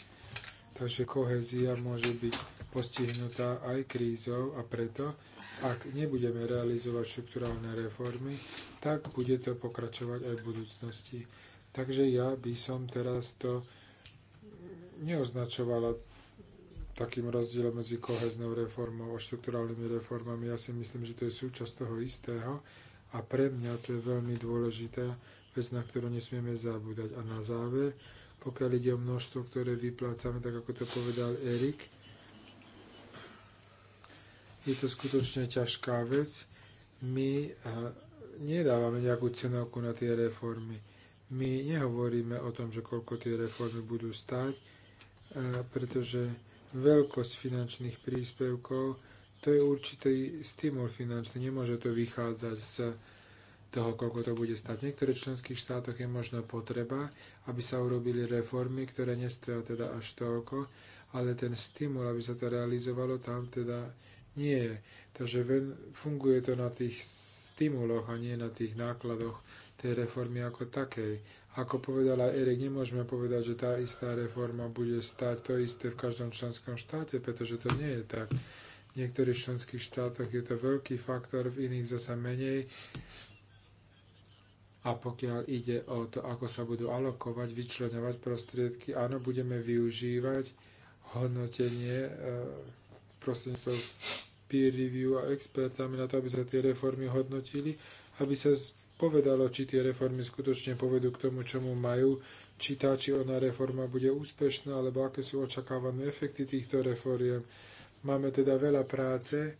Takže kohézia môže byť postihnutá aj krízou a preto ak nebudeme realizovať štruktúrálne reformy, tak bude to pokračovať aj v budúcnosti. Takže ja by som teraz to neoznačovala takým rozdielom medzi koheznou reformou a štruktúrálnymi reformami. Ja si myslím, že to je súčasť toho istého a pre mňa to je veľmi dôležitá vec, na ktorú nesmieme zabúdať. A na záver, pokiaľ ide o množstvo, ktoré vyplácame, tak ako to povedal Erik, je to skutočne ťažká vec. My eh, nedávame nejakú cenovku na tie reformy. My nehovoríme o tom, že koľko tie reformy budú stať, eh, pretože veľkosť finančných príspevkov to je určitý stimul finančný. Nemôže to vychádzať z toho, koľko to bude stať. V niektorých členských štátoch je možno potreba, aby sa urobili reformy, ktoré nestoja teda až toľko, ale ten stimul, aby sa to realizovalo, tam teda nie. Takže funguje to na tých stimuloch a nie na tých nákladoch tej reformy ako takej. Ako povedala Erik, nemôžeme povedať, že tá istá reforma bude stať to isté v každom členskom štáte, pretože to nie je tak. V niektorých členských štátoch je to veľký faktor, v iných zase menej. A pokiaľ ide o to, ako sa budú alokovať, vyčlenovať prostriedky, áno, budeme využívať hodnotenie e, prostredníctvom peer review a expertami na to, aby sa tie reformy hodnotili, aby sa povedalo, či tie reformy skutočne povedú k tomu, čomu majú, či tá, či ona reforma bude úspešná, alebo aké sú očakávané efekty týchto reforiem. Máme teda veľa práce.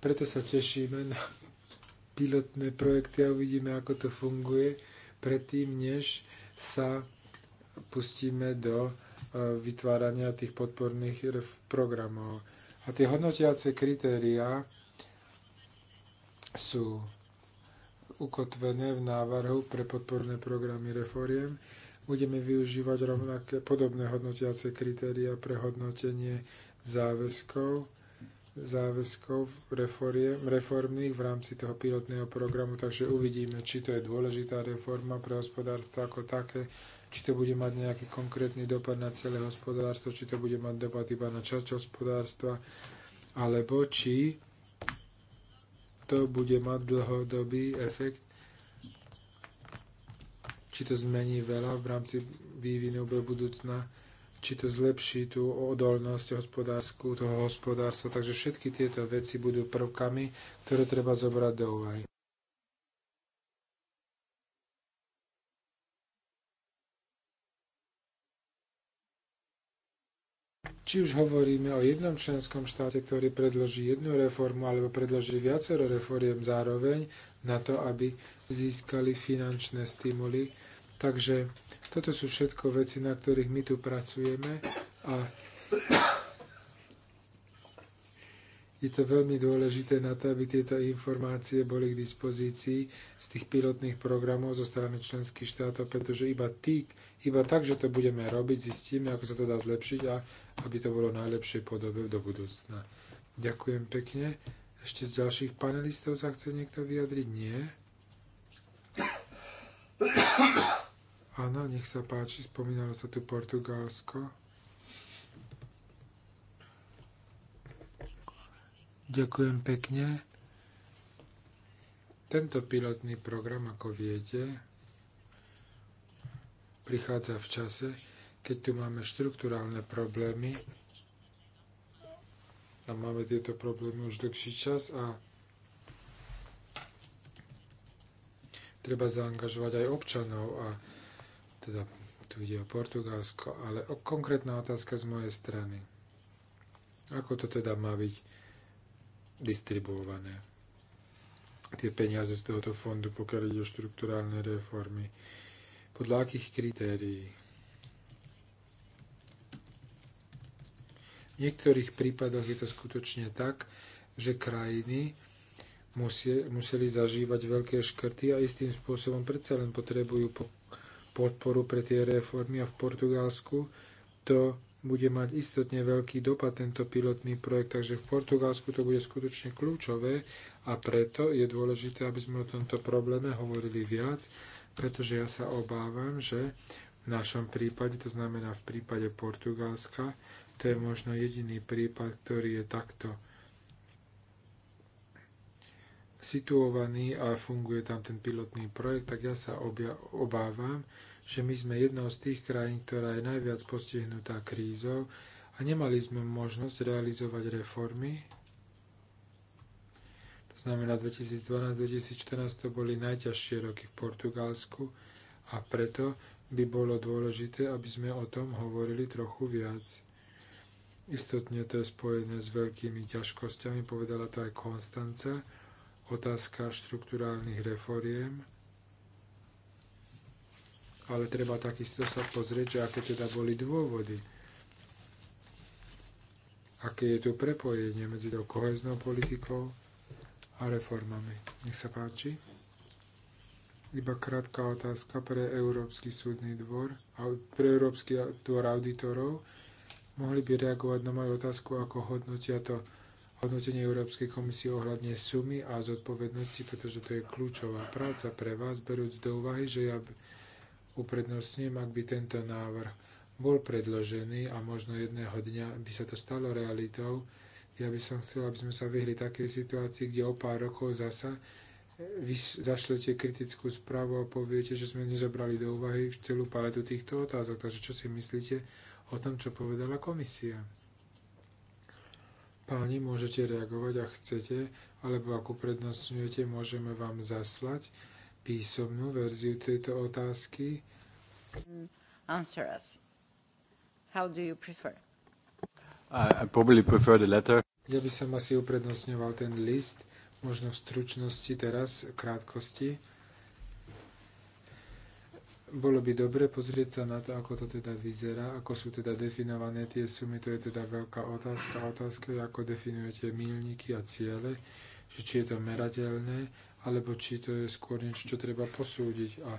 Preto sa tešíme na pilotné projekty a uvidíme, ako to funguje predtým, než sa pustíme do E, vytvárania tých podporných programov. A tie hodnotiace kritériá sú ukotvené v návrhu pre podporné programy reforiem. Budeme využívať rovnaké podobné hodnotiace kritéria pre hodnotenie záväzkov, záväzkov reforiem, reformných v rámci toho pilotného programu, takže uvidíme, či to je dôležitá reforma pre hospodárstvo ako také, či to bude mať nejaký konkrétny dopad na celé hospodárstvo, či to bude mať dopad iba na časť hospodárstva, alebo či to bude mať dlhodobý efekt, či to zmení veľa v rámci vývinu do budúcna, či to zlepší tú odolnosť hospodárskú toho hospodárstva. Takže všetky tieto veci budú prvkami, ktoré treba zobrať do úvahy. či už hovoríme o jednom členskom štáte, ktorý predloží jednu reformu alebo predloží viacero reforiem zároveň na to, aby získali finančné stimuly. Takže toto sú všetko veci, na ktorých my tu pracujeme a je to veľmi dôležité na to, aby tieto informácie boli k dispozícii z tých pilotných programov zo strany členských štátov, pretože iba, tí, iba tak, že to budeme robiť, zistíme, ako sa to dá zlepšiť a aby to bolo v najlepšej podobe do budúcna. Ďakujem pekne. Ešte z ďalších panelistov sa chce niekto vyjadriť? Nie. Áno, nech sa páči, spomínalo sa tu Portugalsko. Ďakujem pekne. Tento pilotný program, ako viete, prichádza v čase, keď tu máme štruktúrálne problémy a máme tieto problémy už dlhší čas a treba zaangažovať aj občanov a teda tu ide o Portugalsko, ale o konkrétna otázka z mojej strany. Ako to teda má byť distribuované? Tie peniaze z tohoto fondu, pokiaľ ide o štruktúrálne reformy. Podľa akých kritérií? V niektorých prípadoch je to skutočne tak, že krajiny museli zažívať veľké škrty a istým spôsobom predsa len potrebujú podporu pre tie reformy a v Portugalsku to bude mať istotne veľký dopad tento pilotný projekt, takže v Portugalsku to bude skutočne kľúčové a preto je dôležité, aby sme o tomto probléme hovorili viac, pretože ja sa obávam, že v našom prípade, to znamená v prípade Portugalska, to je možno jediný prípad, ktorý je takto situovaný a funguje tam ten pilotný projekt, tak ja sa obja, obávam, že my sme jednou z tých krajín, ktorá je najviac postihnutá krízou a nemali sme možnosť realizovať reformy. To znamená, 2012-2014 to boli najťažšie roky v Portugalsku a preto by bolo dôležité, aby sme o tom hovorili trochu viac. Istotne to je spojené s veľkými ťažkosťami, povedala to aj Konstanca, otázka štruktúrálnych reforiem. Ale treba takisto sa pozrieť, že aké teda boli dôvody. Aké je tu prepojenie medzi tou koheznou politikou a reformami. Nech sa páči. Iba krátka otázka pre Európsky súdny dvor, pre Európsky dvor auditorov mohli by reagovať na moju otázku, ako hodnotia to hodnotenie Európskej komisie ohľadne sumy a zodpovednosti, pretože to je kľúčová práca pre vás, berúc do úvahy, že ja uprednostním, ak by tento návrh bol predložený a možno jedného dňa by sa to stalo realitou. Ja by som chcel, aby sme sa vyhli takej situácii, kde o pár rokov zasa vy zašlete kritickú správu a poviete, že sme nezobrali do úvahy celú paletu týchto otázok. Takže čo si myslíte o tom, čo povedala komisia. Páni, môžete reagovať, ak chcete, alebo ak prednostňujete, môžeme vám zaslať písomnú verziu tejto otázky. Answer us. How do you prefer? I probably prefer the letter. Ja by som asi uprednostňoval ten list, možno v stručnosti teraz, krátkosti bolo by dobre pozrieť sa na to, ako to teda vyzerá, ako sú teda definované tie sumy, to je teda veľká otázka. Otázka je, ako definujete milníky a ciele, že či je to merateľné, alebo či to je skôr niečo, čo treba posúdiť a,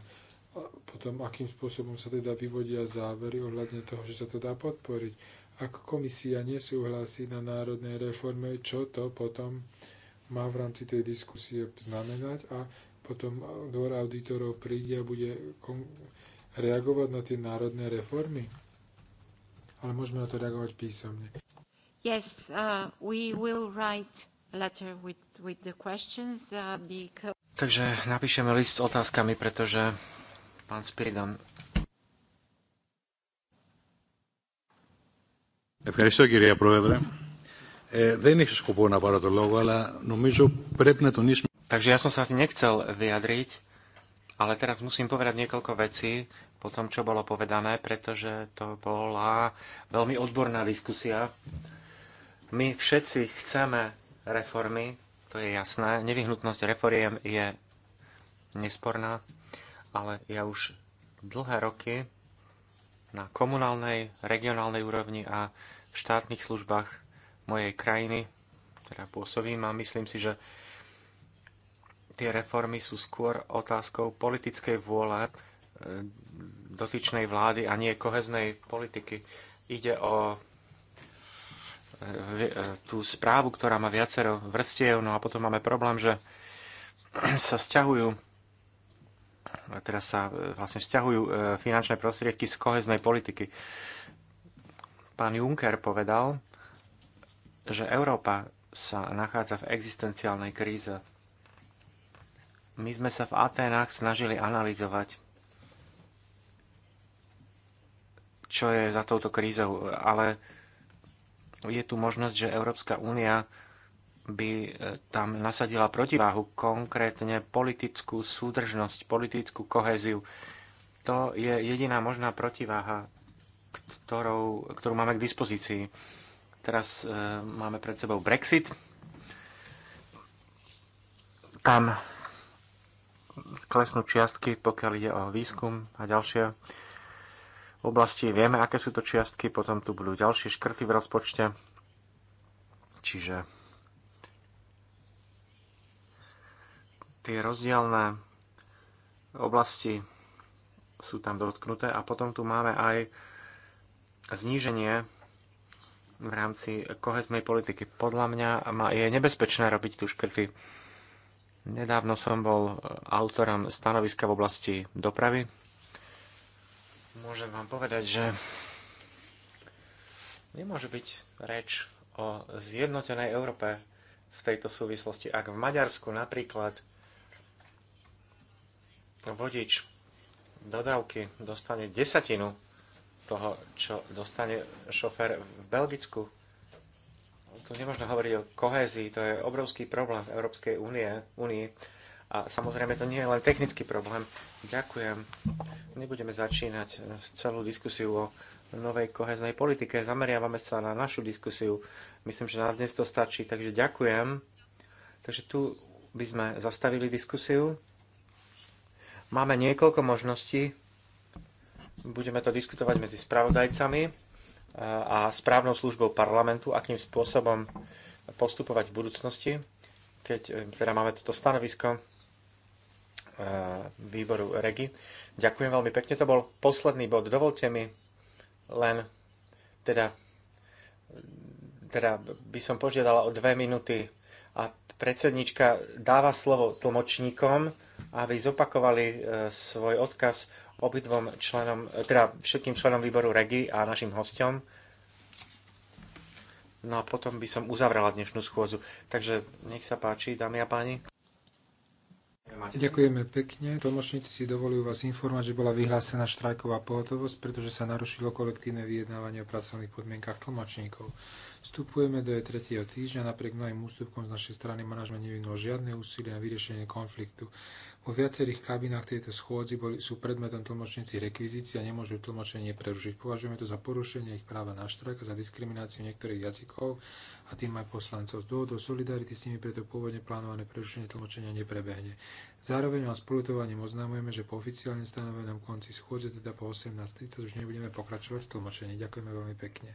potom akým spôsobom sa teda vyvodia závery ohľadne toho, že sa to dá podporiť. Ak komisia nesúhlasí na národnej reforme, čo to potom má v rámci tej diskusie znamenať a potom dvor auditorov príde a bude reagovať na tie národné reformy? Ale môžeme na to reagovať písomne. Yes, uh, we will write letter with, with the questions uh, because... Takže napíšeme list s otázkami, pretože pán Spiridon Ευχαριστώ κυρία Πρόεδρε. Ε, δεν είχα σκοπό να πάρω το λόγο, αλλά νομίζω πρέπει να τονίσουμε... Takže ja som sa nechcel vyjadriť, ale teraz musím povedať niekoľko vecí po tom, čo bolo povedané, pretože to bola veľmi odborná diskusia. My všetci chceme reformy, to je jasné. Nevyhnutnosť reforiem je nesporná, ale ja už dlhé roky na komunálnej, regionálnej úrovni a v štátnych službách mojej krajiny, ktorá pôsobím a myslím si, že tie reformy sú skôr otázkou politickej vôle e, dotyčnej vlády a nie koheznej politiky. Ide o e, e, tú správu, ktorá má viacero vrstiev, no a potom máme problém, že sa sťahujú teraz sa vlastne sťahujú finančné prostriedky z koheznej politiky. Pán Juncker povedal, že Európa sa nachádza v existenciálnej kríze my sme sa v Atenách snažili analyzovať, čo je za touto krízou, ale je tu možnosť, že Európska únia by e, tam nasadila protiváhu, konkrétne politickú súdržnosť, politickú kohéziu. To je jediná možná protiváha, ktorou, ktorú máme k dispozícii. Teraz e, máme pred sebou Brexit. Tam klesnú čiastky, pokiaľ ide o výskum a ďalšie oblasti. Vieme, aké sú to čiastky, potom tu budú ďalšie škrty v rozpočte. Čiže tie rozdielne oblasti sú tam dotknuté a potom tu máme aj zníženie v rámci koheznej politiky. Podľa mňa je nebezpečné robiť tu škrty Nedávno som bol e, autorom stanoviska v oblasti dopravy. Môžem vám povedať, že nemôže byť reč o zjednotenej Európe v tejto súvislosti. Ak v Maďarsku napríklad vodič dodávky dostane desatinu toho, čo dostane šofer v Belgicku, tu nemôžno hovoriť o kohézii, to je obrovský problém v Európskej únie, únii. A samozrejme, to nie je len technický problém. Ďakujem. Nebudeme začínať celú diskusiu o novej koheznej politike. Zameriavame sa na našu diskusiu. Myslím, že na dnes to stačí, takže ďakujem. Takže tu by sme zastavili diskusiu. Máme niekoľko možností. Budeme to diskutovať medzi spravodajcami a správnou službou parlamentu, akým spôsobom postupovať v budúcnosti, keď e, teda máme toto stanovisko e, výboru REGI. Ďakujem veľmi pekne, to bol posledný bod. Dovolte mi len teda, teda by som požiadala o dve minúty a predsednička dáva slovo tlmočníkom, aby zopakovali e, svoj odkaz obidvom členom, teda všetkým členom výboru REGI a našim hostom. No a potom by som uzavrela dnešnú schôzu. Takže nech sa páči, dámy a páni. Ďakujeme pekne. Tlmočníci si dovolujú vás informovať, že bola vyhlásená štrajková pohotovosť, pretože sa narušilo kolektívne vyjednávanie o pracovných podmienkach tlmočníkov. Vstupujeme do 3. týždňa, napriek mnohým ústupkom z našej strany manažment nevinul žiadne úsilie na vyriešenie konfliktu. Vo viacerých kabinách tejto schôdzi boli, sú predmetom tlmočníci rekvizícia a nemôžu tlmočenie prerušiť. Považujeme to za porušenie ich práva na štrajk a za diskrimináciu niektorých jazykov a tým aj poslancov. Z dôvodu solidarity s nimi preto pôvodne plánované prerušenie tlmočenia neprebehne. Zároveň vám spolutovaním oznamujeme, že po oficiálne stanovenom konci schôdze, teda po 18.30, už nebudeme pokračovať v tlmočení. Ďakujeme veľmi pekne.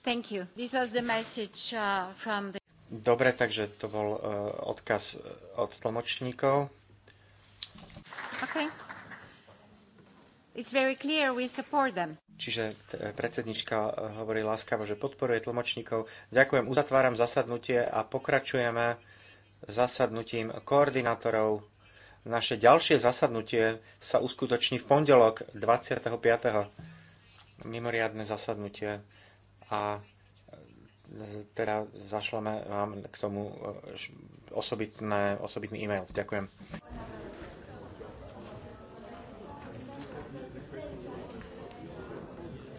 Thank you. This was the message uh, from the Dobre, takže to bol e, odkaz e, od tlmočníkov. Okay. It's very clear, we support them. Čiže e, predsednička hovorí láskavo, že podporuje tlmočníkov. Ďakujem, uzatváram zasadnutie a pokračujeme zasadnutím koordinátorov. Naše ďalšie zasadnutie sa uskutoční v pondelok 25. mimoriadne zasadnutie a teda zašleme vám k tomu eh, osobitné, osobitný e-mail. Ďakujem.